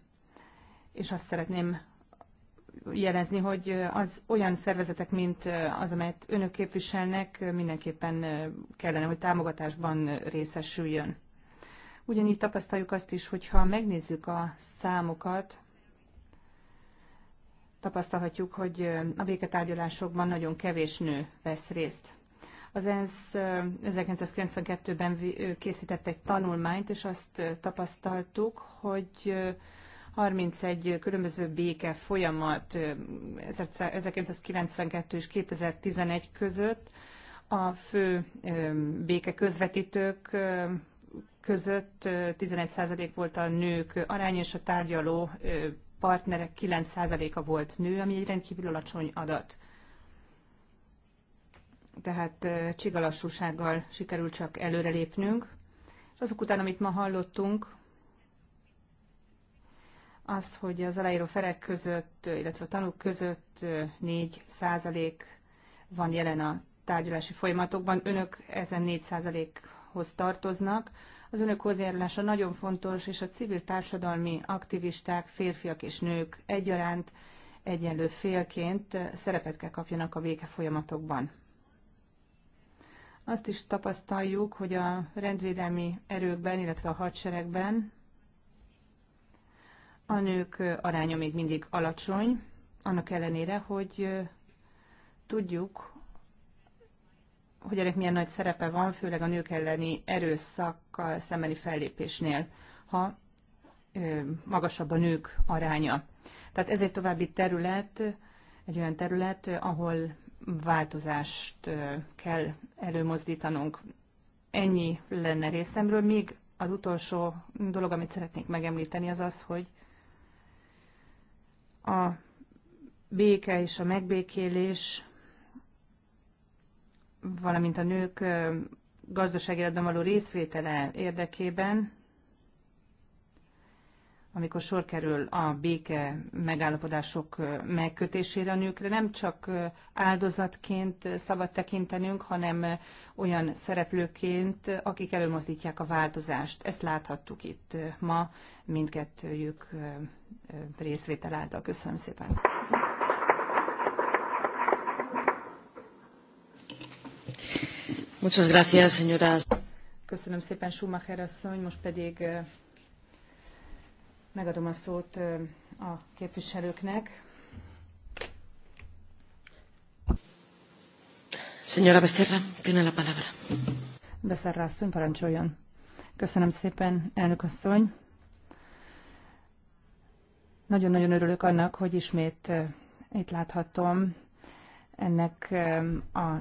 És azt szeretném jelezni, hogy az olyan szervezetek, mint az, amelyet önök képviselnek, mindenképpen kellene, hogy támogatásban részesüljön. Ugyanígy tapasztaljuk azt is, hogyha megnézzük a számokat, tapasztalhatjuk, hogy a béketárgyalásokban nagyon kevés nő vesz részt. Az ENSZ 1992-ben készített egy tanulmányt, és azt tapasztaltuk, hogy 31 különböző béke folyamat 1992 és 2011 között a fő béke közvetítők között 11% volt a nők arány, és a tárgyaló partnerek 9%-a volt nő, ami egy rendkívül alacsony adat. Tehát csigalassúsággal sikerült csak előrelépnünk. És azok után, amit ma hallottunk, az, hogy az aláíró felek között, illetve a tanúk között 4 százalék van jelen a tárgyalási folyamatokban. Önök ezen 4 százalék hoz tartoznak. Az önök hozzájárulása nagyon fontos, és a civil társadalmi aktivisták, férfiak és nők egyaránt egyenlő félként szerepet kell kapjanak a béke folyamatokban. Azt is tapasztaljuk, hogy a rendvédelmi erőkben, illetve a hadseregben a nők aránya még mindig alacsony, annak ellenére, hogy tudjuk, hogy ennek milyen nagy szerepe van, főleg a nők elleni erőszakkal szembeni fellépésnél, ha magasabb a nők aránya. Tehát ez egy további terület, egy olyan terület, ahol változást kell előmozdítanunk. Ennyi lenne részemről. Még az utolsó dolog, amit szeretnék megemlíteni, az az, hogy a béke és a megbékélés valamint a nők gazdasági életben való részvétele érdekében, amikor sor kerül a béke megállapodások megkötésére a nőkre, nem csak áldozatként szabad tekintenünk, hanem olyan szereplőként, akik előmozdítják a változást. Ezt láthattuk itt ma mindkettőjük részvétel által. Köszönöm szépen! Muchas gracias, Köszönöm szépen, Schumacher asszony. Most pedig megadom a szót a képviselőknek. Señora Becerra, tiene la palabra. Becerra asszony, parancsoljon. Köszönöm szépen, elnök asszony. Nagyon-nagyon örülök annak, hogy ismét itt láthatom ennek a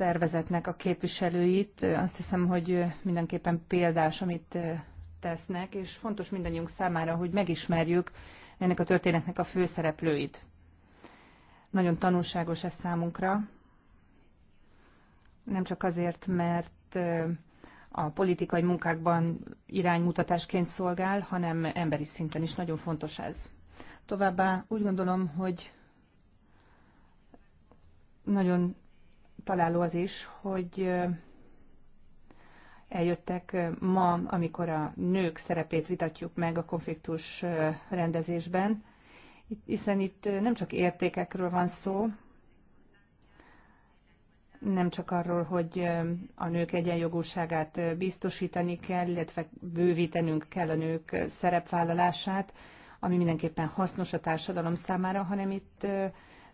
szervezetnek a képviselőit. Azt hiszem, hogy mindenképpen példás, amit tesznek, és fontos mindannyiunk számára, hogy megismerjük ennek a történetnek a főszereplőit. Nagyon tanulságos ez számunkra, nem csak azért, mert a politikai munkákban iránymutatásként szolgál, hanem emberi szinten is nagyon fontos ez. Továbbá úgy gondolom, hogy nagyon találó az is, hogy eljöttek ma, amikor a nők szerepét vitatjuk meg a konfliktus rendezésben, hiszen itt nem csak értékekről van szó, nem csak arról, hogy a nők egyenjogúságát biztosítani kell, illetve bővítenünk kell a nők szerepvállalását, ami mindenképpen hasznos a társadalom számára, hanem itt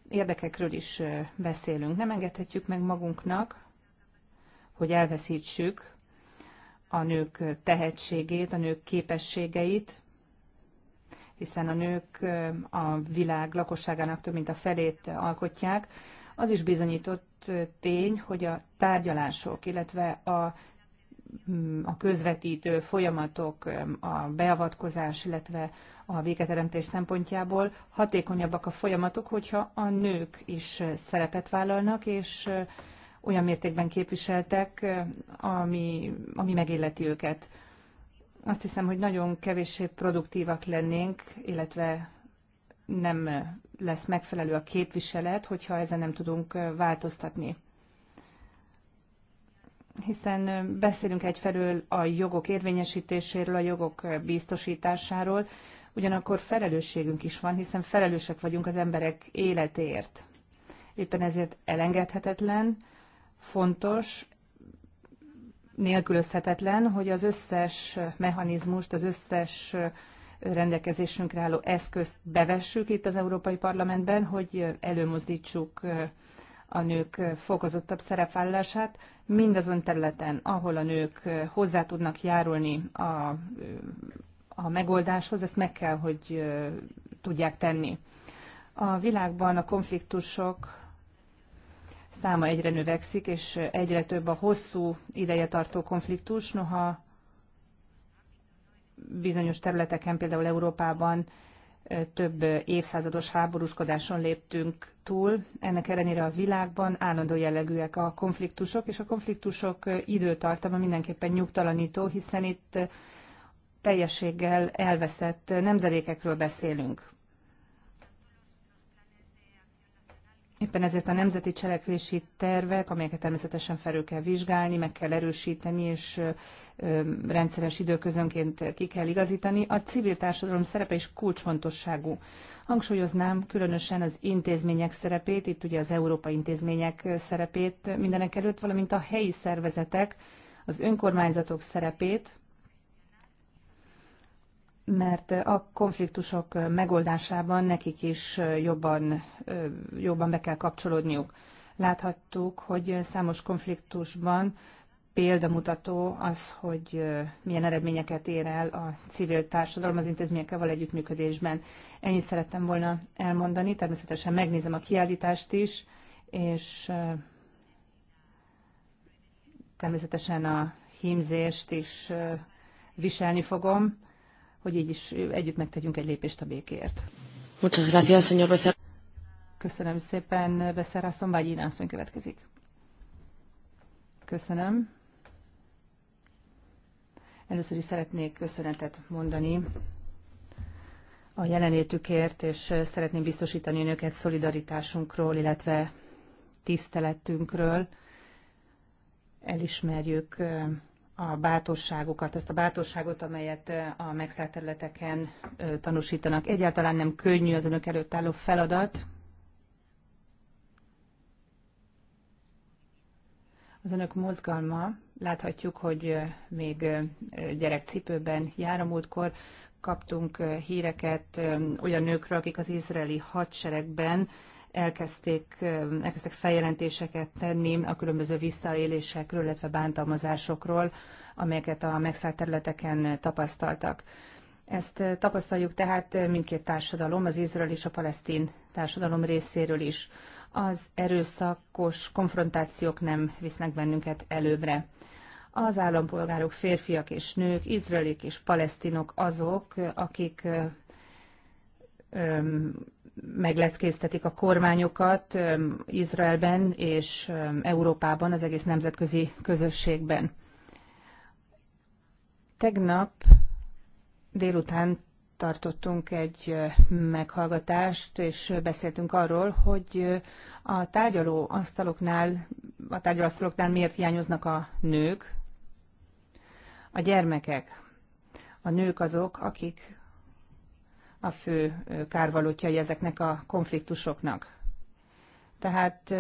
érdekekről is beszélünk. Nem engedhetjük meg magunknak, hogy elveszítsük a nők tehetségét, a nők képességeit, hiszen a nők a világ lakosságának több mint a felét alkotják. Az is bizonyított tény, hogy a tárgyalások, illetve a a közvetítő folyamatok, a beavatkozás, illetve a béketeremtés szempontjából hatékonyabbak a folyamatok, hogyha a nők is szerepet vállalnak, és olyan mértékben képviseltek, ami, ami megilleti őket. Azt hiszem, hogy nagyon kevéssé produktívak lennénk, illetve nem lesz megfelelő a képviselet, hogyha ezen nem tudunk változtatni hiszen beszélünk egyfelől a jogok érvényesítéséről, a jogok biztosításáról, ugyanakkor felelősségünk is van, hiszen felelősek vagyunk az emberek életéért. Éppen ezért elengedhetetlen, fontos, nélkülözhetetlen, hogy az összes mechanizmust, az összes rendelkezésünkre álló eszközt bevessük itt az Európai Parlamentben, hogy előmozdítsuk a nők fokozottabb szerepvállását, mindazon területen, ahol a nők hozzá tudnak járulni a, a megoldáshoz, ezt meg kell, hogy tudják tenni. A világban a konfliktusok száma egyre növekszik, és egyre több a hosszú ideje tartó konfliktus, noha bizonyos területeken, például Európában több évszázados háborúskodáson léptünk túl. Ennek ellenére a világban állandó jellegűek a konfliktusok, és a konfliktusok időtartama mindenképpen nyugtalanító, hiszen itt teljességgel elveszett nemzedékekről beszélünk. Éppen ezért a nemzeti cselekvési tervek, amelyeket természetesen felül kell vizsgálni, meg kell erősíteni, és rendszeres időközönként ki kell igazítani, a civil társadalom szerepe is kulcsfontosságú. Hangsúlyoznám különösen az intézmények szerepét, itt ugye az európai intézmények szerepét mindenek előtt, valamint a helyi szervezetek, az önkormányzatok szerepét, mert a konfliktusok megoldásában nekik is jobban, jobban be kell kapcsolódniuk. Láthattuk, hogy számos konfliktusban példamutató az, hogy milyen eredményeket ér el a civil társadalom az intézményekkel való együttműködésben. Ennyit szerettem volna elmondani, természetesen megnézem a kiállítást is, és természetesen a hímzést is viselni fogom hogy így is együtt megtegyünk egy lépést a békért. Muchas gracias, señor Becerra. Köszönöm szépen, Becerra Szombágyi Nászony következik. Köszönöm. Először is szeretnék köszönetet mondani a jelenlétükért, és szeretném biztosítani önöket szolidaritásunkról, illetve tiszteletünkről. Elismerjük a bátorságukat, ezt a bátorságot, amelyet a megszállt területeken tanúsítanak. Egyáltalán nem könnyű az önök előtt álló feladat. Az önök mozgalma, láthatjuk, hogy még gyerekcipőben jár a múltkor, kaptunk híreket olyan nőkről, akik az izraeli hadseregben elkezdték, elkezdtek feljelentéseket tenni a különböző visszaélésekről, illetve bántalmazásokról, amelyeket a megszállt területeken tapasztaltak. Ezt tapasztaljuk tehát mindkét társadalom, az izrael és a palesztin társadalom részéről is. Az erőszakos konfrontációk nem visznek bennünket előbbre. Az állampolgárok, férfiak és nők, izraelik és palesztinok azok, akik megleckéztetik a kormányokat Izraelben és Európában, az egész nemzetközi közösségben. Tegnap délután tartottunk egy meghallgatást, és beszéltünk arról, hogy a tárgyaló asztaloknál, a tárgyaló asztaloknál miért hiányoznak a nők, a gyermekek. A nők azok, akik a fő kárvalótjai ezeknek a konfliktusoknak. Tehát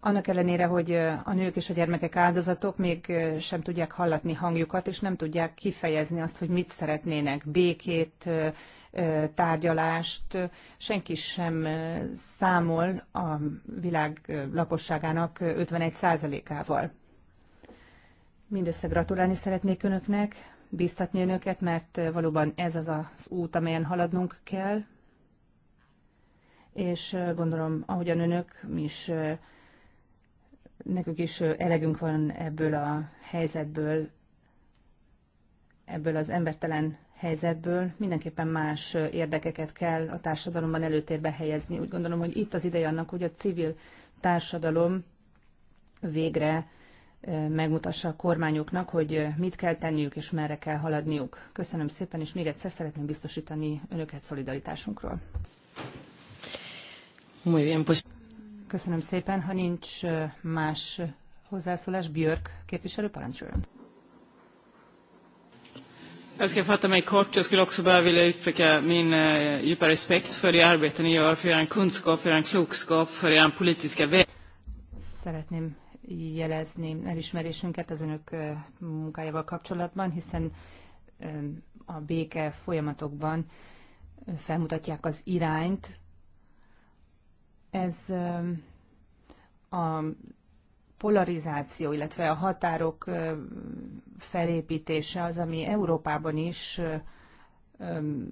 annak ellenére, hogy a nők és a gyermekek áldozatok még sem tudják hallatni hangjukat, és nem tudják kifejezni azt, hogy mit szeretnének, békét, tárgyalást, senki sem számol a világ lakosságának 51%-ával. Mindössze gratulálni szeretnék Önöknek, biztatni önöket, mert valóban ez az az út, amelyen haladnunk kell, és gondolom, ahogyan önök, mi is nekünk is elegünk van ebből a helyzetből, ebből az embertelen helyzetből, mindenképpen más érdekeket kell a társadalomban előtérbe helyezni. Úgy gondolom, hogy itt az ideje annak, hogy a civil társadalom végre megmutassa a kormányoknak, hogy mit kell tenniük és merre kell haladniuk. Köszönöm szépen, és még egyszer szeretném biztosítani önöket szolidaritásunkról. Köszönöm szépen. Ha nincs más hozzászólás, Björk képviselő parancsoljon. Jag ska fatta mig kort. Jag skulle också bara vilja uttrycka min eh, djupa respekt för det arbete ni gör, för er kunskap, för er klokskap, för er politiska väg. Szeretném jelezni elismerésünket az önök munkájával kapcsolatban, hiszen a béke folyamatokban felmutatják az irányt. Ez a polarizáció, illetve a határok felépítése az, ami Európában is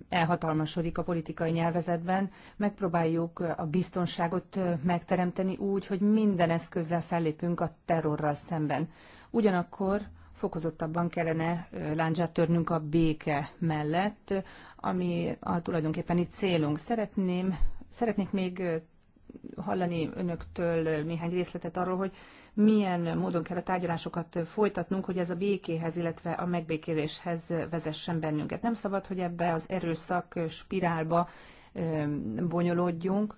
elhatalmasodik a politikai nyelvezetben, megpróbáljuk a biztonságot megteremteni úgy, hogy minden eszközzel fellépünk a terrorral szemben. Ugyanakkor fokozottabban kellene láncsát törnünk a béke mellett, ami a itt célunk. Szeretném, szeretnék még hallani önöktől néhány részletet arról, hogy milyen módon kell a tárgyalásokat folytatnunk, hogy ez a békéhez, illetve a megbékéléshez vezessen bennünket. Nem szabad, hogy ebbe az erőszak spirálba bonyolódjunk,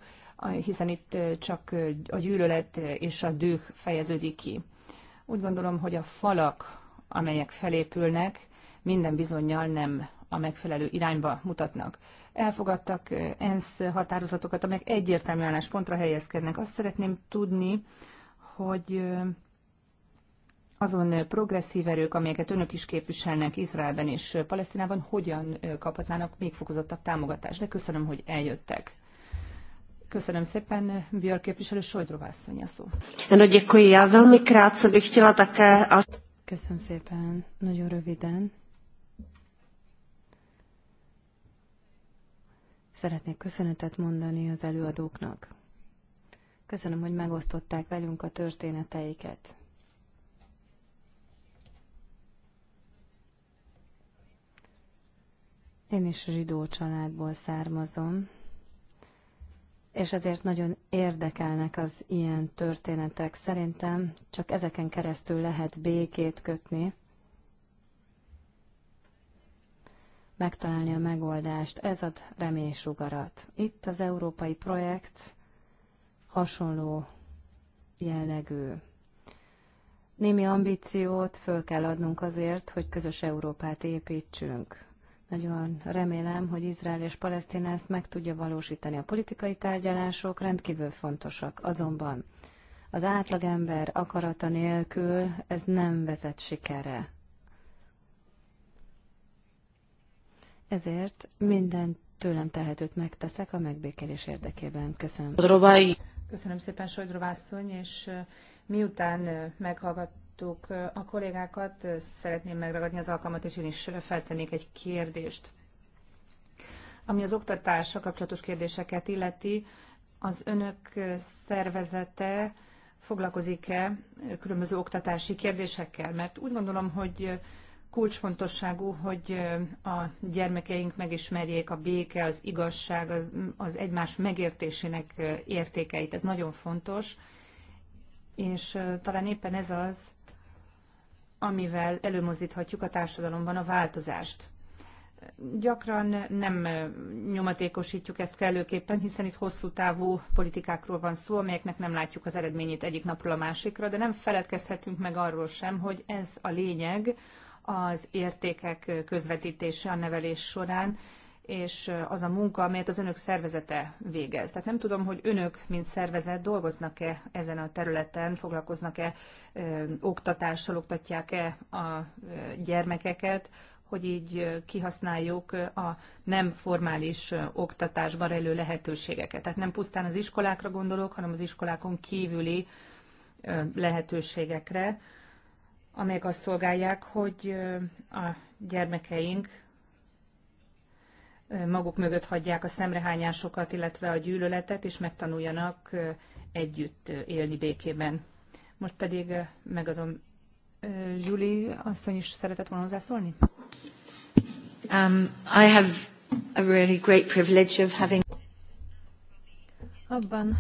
hiszen itt csak a gyűlölet és a düh fejeződik ki. Úgy gondolom, hogy a falak, amelyek felépülnek, minden bizonyal nem a megfelelő irányba mutatnak. Elfogadtak ENSZ határozatokat, amelyek egyértelmű álláspontra helyezkednek. Azt szeretném tudni, hogy azon progresszív erők, amelyeket önök is képviselnek Izraelben és Palesztinában, hogyan kaphatnának még fokozottabb támogatást. De köszönöm, hogy eljöttek. Köszönöm szépen, Björk képviselő Sojdrová asszony a szó. Köszönöm szépen, nagyon röviden. Szeretnék köszönetet mondani az előadóknak. Köszönöm, hogy megosztották velünk a történeteiket. Én is zsidó családból származom, és ezért nagyon érdekelnek az ilyen történetek. Szerintem csak ezeken keresztül lehet békét kötni, megtalálni a megoldást. Ez ad reménysugarat. Itt az európai projekt hasonló jellegű. Némi ambíciót föl kell adnunk azért, hogy közös Európát építsünk. Nagyon remélem, hogy Izrael és Palesztina ezt meg tudja valósítani. A politikai tárgyalások rendkívül fontosak, azonban az átlagember akarata nélkül ez nem vezet sikere. Ezért minden tőlem tehetőt megteszek a megbékélés érdekében. Köszönöm. Köszönöm szépen, Sojdrov asszony, és miután meghallgattuk a kollégákat, szeretném megragadni az alkalmat, és én is feltennék egy kérdést. Ami az oktatással kapcsolatos kérdéseket illeti, az önök szervezete foglalkozik-e különböző oktatási kérdésekkel? Mert úgy gondolom, hogy kulcsfontosságú, hogy a gyermekeink megismerjék a béke, az igazság, az, az egymás megértésének értékeit. Ez nagyon fontos, és talán éppen ez az, amivel előmozdíthatjuk a társadalomban a változást. Gyakran nem nyomatékosítjuk ezt kellőképpen, hiszen itt hosszú távú politikákról van szó, amelyeknek nem látjuk az eredményét egyik napról a másikra, de nem feledkezhetünk meg arról sem, hogy ez a lényeg, az értékek közvetítése a nevelés során, és az a munka, amelyet az önök szervezete végez. Tehát nem tudom, hogy önök, mint szervezet, dolgoznak-e ezen a területen, foglalkoznak-e ö, oktatással, oktatják-e a gyermekeket, hogy így kihasználjuk a nem formális oktatásban elő lehetőségeket. Tehát nem pusztán az iskolákra gondolok, hanem az iskolákon kívüli lehetőségekre, amelyek azt szolgálják, hogy a gyermekeink maguk mögött hagyják a szemrehányásokat, illetve a gyűlöletet, és megtanuljanak együtt élni békében. Most pedig megadom Julie asszony is szeretett volna hozzászólni. Um, I have a really great privilege of having... Abban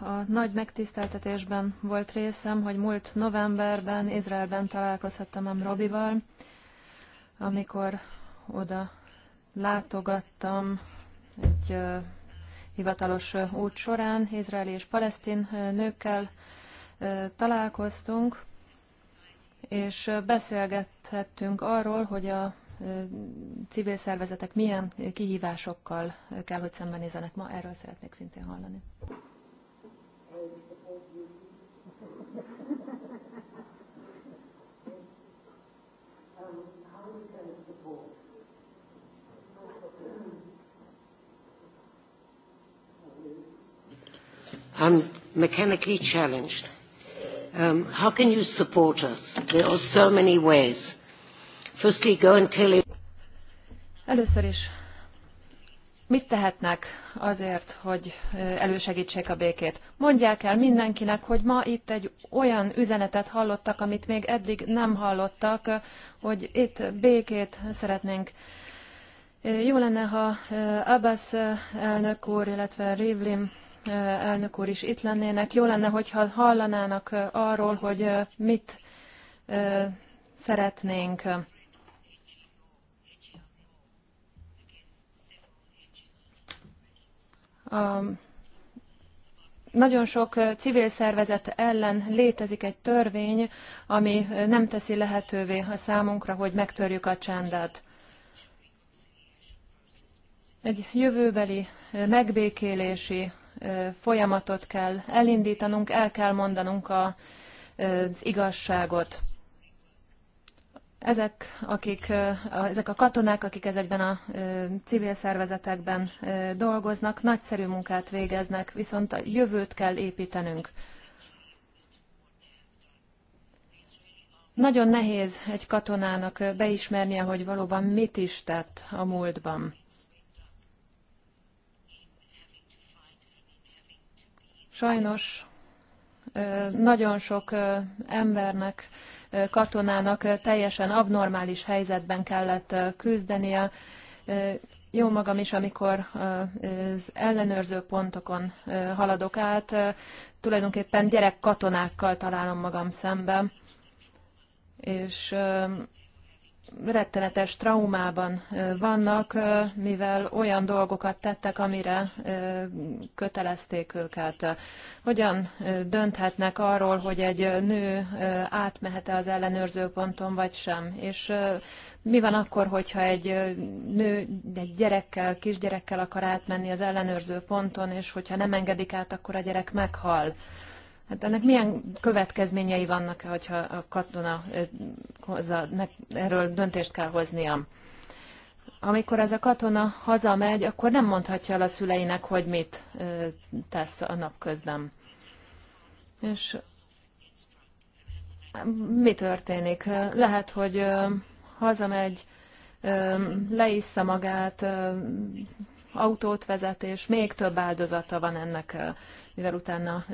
a nagy megtiszteltetésben volt részem, hogy múlt novemberben Izraelben találkozhattam Robival, amikor oda látogattam egy hivatalos út során izraeli és palesztin nőkkel találkoztunk, és beszélgethettünk arról, hogy a civil szervezetek milyen kihívásokkal kell, hogy szembenézenek ma. Erről szeretnék szintén hallani. I'm mechanically challenged. Um, how can you support us? There are so many ways. Firstly, go and tell it. Először is, mit tehetnek azért, hogy elősegítsék a békét? Mondják el mindenkinek, hogy ma itt egy olyan üzenetet hallottak, amit még eddig nem hallottak, hogy itt békét szeretnénk jó lenne, ha Abbas elnök úr, illetve Rivlin Eh, elnök úr is itt lennének. Jó lenne, hogyha hallanának eh, arról, hogy eh, mit szeretnénk. A nagyon sok civil szervezet ellen létezik egy törvény, ami nem teszi lehetővé a számunkra, hogy megtörjük a csendet. Egy jövőbeli megbékélési folyamatot kell elindítanunk, el kell mondanunk a, az igazságot. Ezek, akik, ezek a katonák, akik ezekben a civil szervezetekben dolgoznak, nagyszerű munkát végeznek, viszont a jövőt kell építenünk. Nagyon nehéz egy katonának beismernie, hogy valóban mit is tett a múltban. Sajnos nagyon sok embernek, katonának teljesen abnormális helyzetben kellett küzdenie. Jó magam is, amikor az ellenőrző pontokon haladok át, tulajdonképpen gyerek katonákkal találom magam szemben, és rettenetes traumában vannak, mivel olyan dolgokat tettek, amire kötelezték őket. Hogyan dönthetnek arról, hogy egy nő átmehet-e az ponton vagy sem? És mi van akkor, hogyha egy nő egy gyerekkel, kisgyerekkel akar átmenni az ellenőrző ponton, és hogyha nem engedik át, akkor a gyerek meghal? Hát ennek milyen következményei vannak, hogyha a katona hozza, erről döntést kell hoznia? Amikor ez a katona hazamegy, akkor nem mondhatja el a szüleinek, hogy mit tesz a napközben. És mi történik? Lehet, hogy hazamegy, leissza magát, autót vezet, és még több áldozata van ennek mivel utána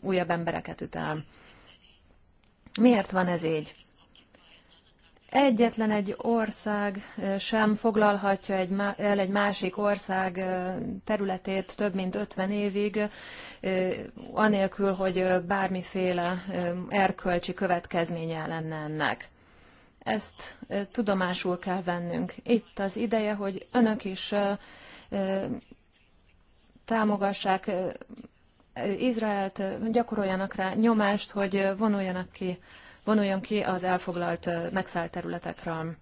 újabb embereket üt Miért van ez így? Egyetlen egy ország sem foglalhatja egy, el egy másik ország területét több mint 50 évig, anélkül, hogy bármiféle erkölcsi következménye lenne ennek. Ezt tudomásul kell vennünk. Itt az ideje, hogy önök is támogassák Izraelt, gyakoroljanak rá nyomást, hogy vonuljanak ki, vonuljon ki az elfoglalt megszállt területekről.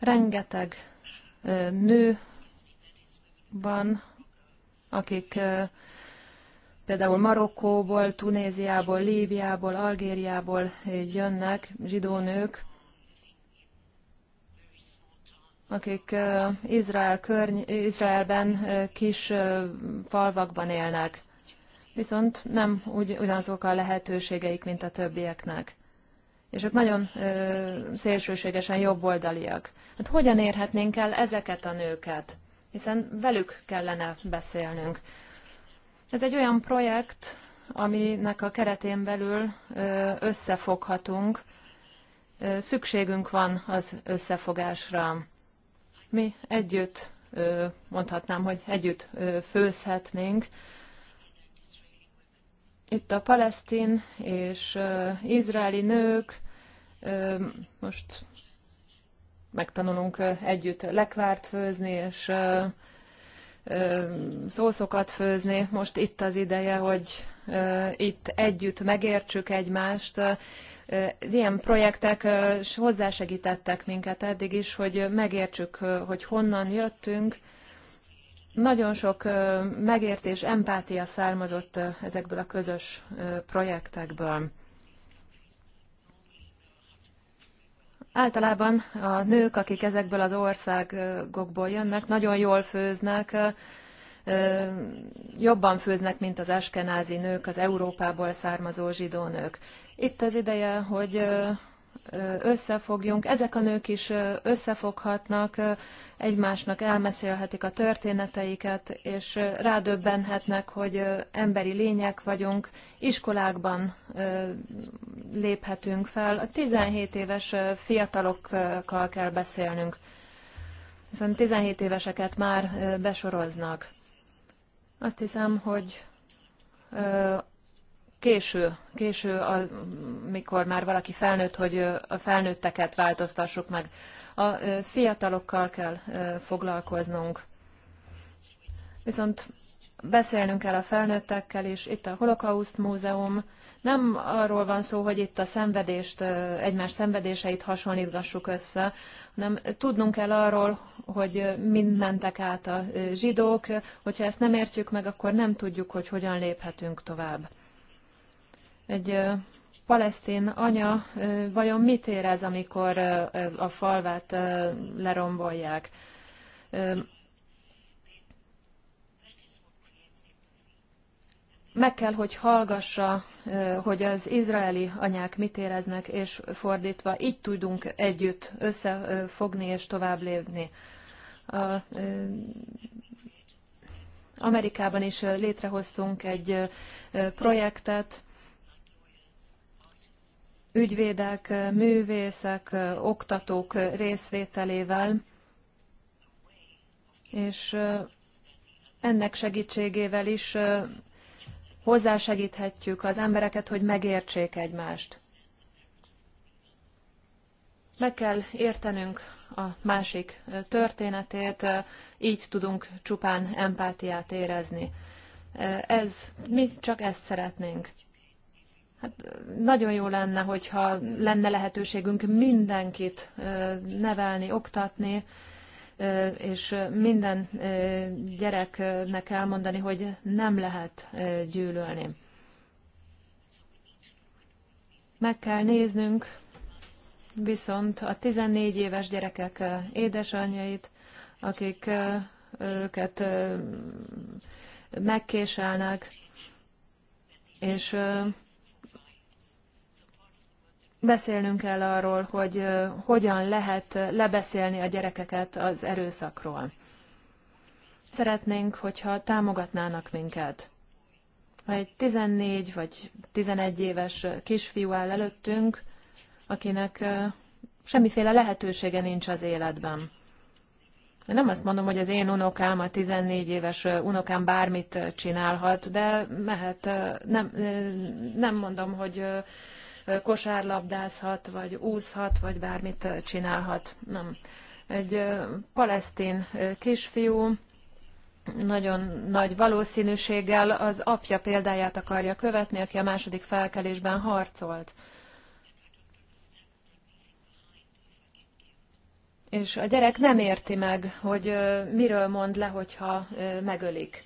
Rengeteg nő van, akik például Marokkóból, Tunéziából, Líbiából, Algériából jönnek, zsidó nők, akik Izrael körny- Izraelben kis falvakban élnek, viszont nem úgy ugyanazok a lehetőségeik, mint a többieknek. És ők nagyon uh, szélsőségesen jobboldaliak. Hát hogyan érhetnénk el ezeket a nőket? Hiszen velük kellene beszélnünk. Ez egy olyan projekt, aminek a keretén belül összefoghatunk. Szükségünk van az összefogásra mi együtt, mondhatnám, hogy együtt főzhetnénk. Itt a palesztin és izraeli nők, most megtanulunk együtt lekvárt főzni, és szószokat főzni. Most itt az ideje, hogy itt együtt megértsük egymást, az ilyen projektek hozzásegítettek minket eddig is, hogy megértsük, hogy honnan jöttünk. Nagyon sok megértés, empátia származott ezekből a közös projektekből. Általában a nők, akik ezekből az országokból jönnek, nagyon jól főznek, jobban főznek, mint az eskenázi nők, az Európából származó zsidó nők. Itt az ideje, hogy összefogjunk. Ezek a nők is összefoghatnak, egymásnak elmesélhetik a történeteiket, és rádöbbenhetnek, hogy emberi lények vagyunk, iskolákban léphetünk fel. A 17 éves fiatalokkal kell beszélnünk, hiszen 17 éveseket már besoroznak. Azt hiszem, hogy késő, késő, amikor már valaki felnőtt, hogy a felnőtteket változtassuk meg. A fiatalokkal kell foglalkoznunk. Viszont beszélnünk kell a felnőttekkel is. Itt a Holokauszt Múzeum. Nem arról van szó, hogy itt a szenvedést, egymás szenvedéseit hasonlítgassuk össze, hanem tudnunk kell arról, hogy mind mentek át a zsidók. Hogyha ezt nem értjük meg, akkor nem tudjuk, hogy hogyan léphetünk tovább. Egy palesztin anya vajon mit érez, amikor a falvát lerombolják? Meg kell, hogy hallgassa, hogy az izraeli anyák mit éreznek, és fordítva, így tudunk együtt összefogni és tovább lépni. A, Amerikában is létrehoztunk egy projektet, ügyvédek, művészek, oktatók részvételével, és ennek segítségével is hozzásegíthetjük az embereket, hogy megértsék egymást. Meg kell értenünk a másik történetét, így tudunk csupán empátiát érezni. Ez, mi csak ezt szeretnénk. Hát nagyon jó lenne, hogyha lenne lehetőségünk mindenkit nevelni, oktatni, és minden gyereknek elmondani, hogy nem lehet gyűlölni. Meg kell néznünk viszont a 14 éves gyerekek édesanyjait, akik őket megkéselnek, és beszélnünk kell arról, hogy hogyan lehet lebeszélni a gyerekeket az erőszakról. Szeretnénk, hogyha támogatnának minket. Ha egy 14 vagy 11 éves kisfiú áll előttünk, akinek semmiféle lehetősége nincs az életben. Én nem azt mondom, hogy az én unokám, a 14 éves unokám bármit csinálhat, de mehet, nem, nem mondom, hogy kosárlabdázhat, vagy úszhat, vagy bármit csinálhat. Nem. Egy palesztin kisfiú, nagyon nagy valószínűséggel az apja példáját akarja követni, aki a második felkelésben harcolt. És a gyerek nem érti meg, hogy miről mond le, hogyha megölik.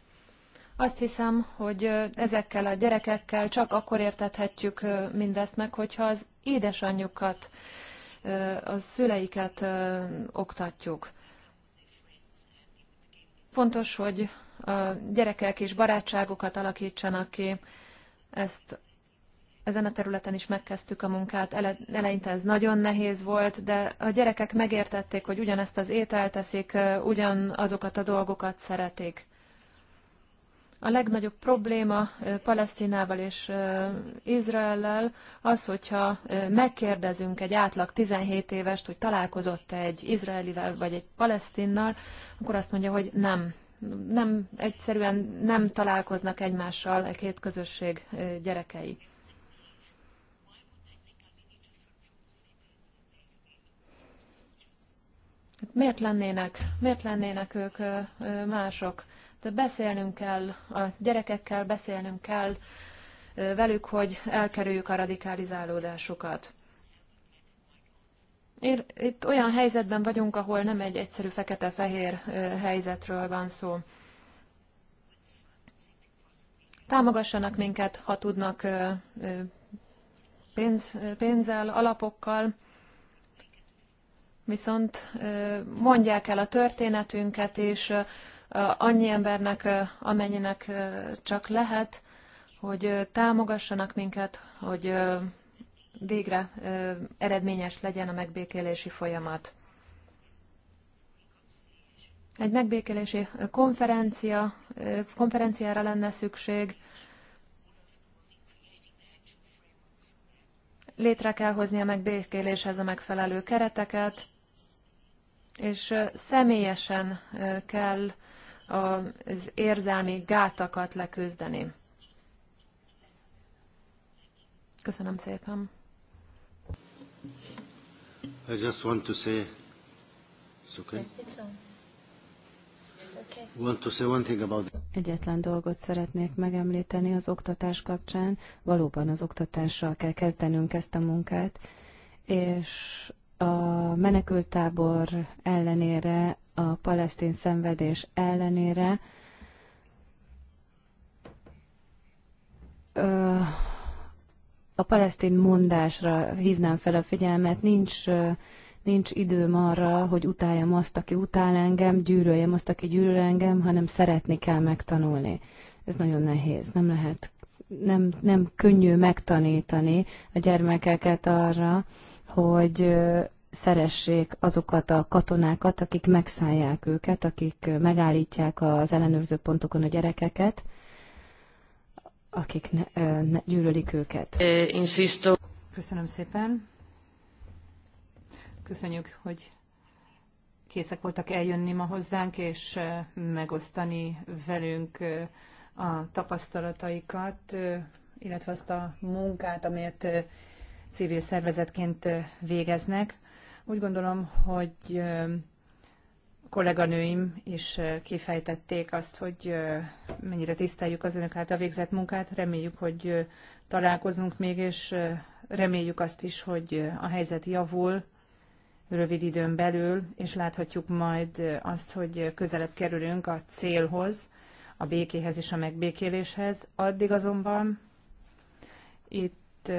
Azt hiszem, hogy ezekkel a gyerekekkel csak akkor értethetjük mindezt meg, hogyha az édesanyjukat, a szüleiket oktatjuk. Fontos, hogy a gyerekek is barátságokat alakítsanak ki. Ezt ezen a területen is megkezdtük a munkát. Ele, eleinte ez nagyon nehéz volt, de a gyerekek megértették, hogy ugyanezt az ételt teszik, ugyanazokat a dolgokat szeretik. A legnagyobb probléma Palesztinával és Izraellel az, hogyha megkérdezünk egy átlag 17 évest, hogy találkozott -e egy izraelivel vagy egy palesztinnal, akkor azt mondja, hogy nem. nem egyszerűen nem találkoznak egymással a e két közösség gyerekei. Hát miért lennének, miért lennének ők mások? de beszélnünk kell a gyerekekkel, beszélnünk kell velük, hogy elkerüljük a radikalizálódásukat. Itt olyan helyzetben vagyunk, ahol nem egy egyszerű fekete-fehér helyzetről van szó. Támogassanak minket, ha tudnak pénz, pénzzel, alapokkal, viszont mondják el a történetünket, és annyi embernek, amennyinek csak lehet, hogy támogassanak minket, hogy végre eredményes legyen a megbékélési folyamat. Egy megbékélési konferencia, konferenciára lenne szükség. Létre kell hozni a megbékéléshez a megfelelő kereteket, és személyesen kell az érzelmi gátakat leküzdeni. Köszönöm szépen. I just want to say it's okay. Egyetlen dolgot szeretnék megemlíteni az oktatás kapcsán. Valóban az oktatással kell kezdenünk ezt a munkát, és a menekültábor ellenére a palesztin szenvedés ellenére a palesztin mondásra hívnám fel a figyelmet, nincs, nincs időm arra, hogy utáljam azt, aki utál engem, gyűlöljem azt, aki gyűlöl engem, hanem szeretni kell megtanulni. Ez nagyon nehéz, nem lehet, nem, nem könnyű megtanítani a gyermekeket arra, hogy szeressék azokat a katonákat, akik megszállják őket, akik megállítják az ellenőrző pontokon a gyerekeket, akik ne, ne, gyűlölik őket. Insisto. Köszönöm szépen. Köszönjük, hogy készek voltak eljönni ma hozzánk, és megosztani velünk a tapasztalataikat, illetve azt a munkát, amelyet civil szervezetként végeznek. Úgy gondolom, hogy kolléganőim is kifejtették azt, hogy mennyire tiszteljük az önök által végzett munkát. Reméljük, hogy találkozunk még, és reméljük azt is, hogy a helyzet javul rövid időn belül, és láthatjuk majd azt, hogy közelebb kerülünk a célhoz, a békéhez és a megbékéléshez. Addig azonban itt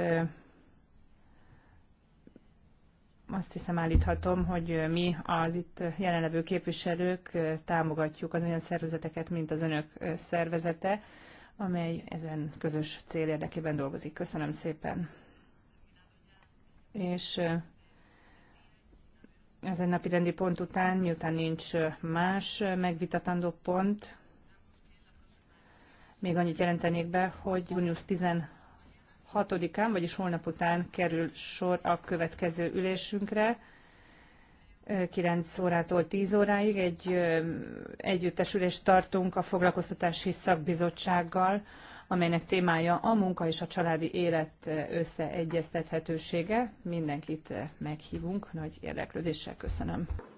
azt hiszem állíthatom, hogy mi az itt jelenlevő képviselők támogatjuk az olyan szervezeteket, mint az önök szervezete, amely ezen közös cél érdekében dolgozik. Köszönöm szépen. És ezen napi rendi pont után, miután nincs más megvitatandó pont, még annyit jelentenék be, hogy június 10 6-án, vagyis holnap után kerül sor a következő ülésünkre. 9 órától 10 óráig egy együttesülést tartunk a foglalkoztatási szakbizottsággal, amelynek témája a munka és a családi élet összeegyeztethetősége. Mindenkit meghívunk, nagy érdeklődéssel köszönöm.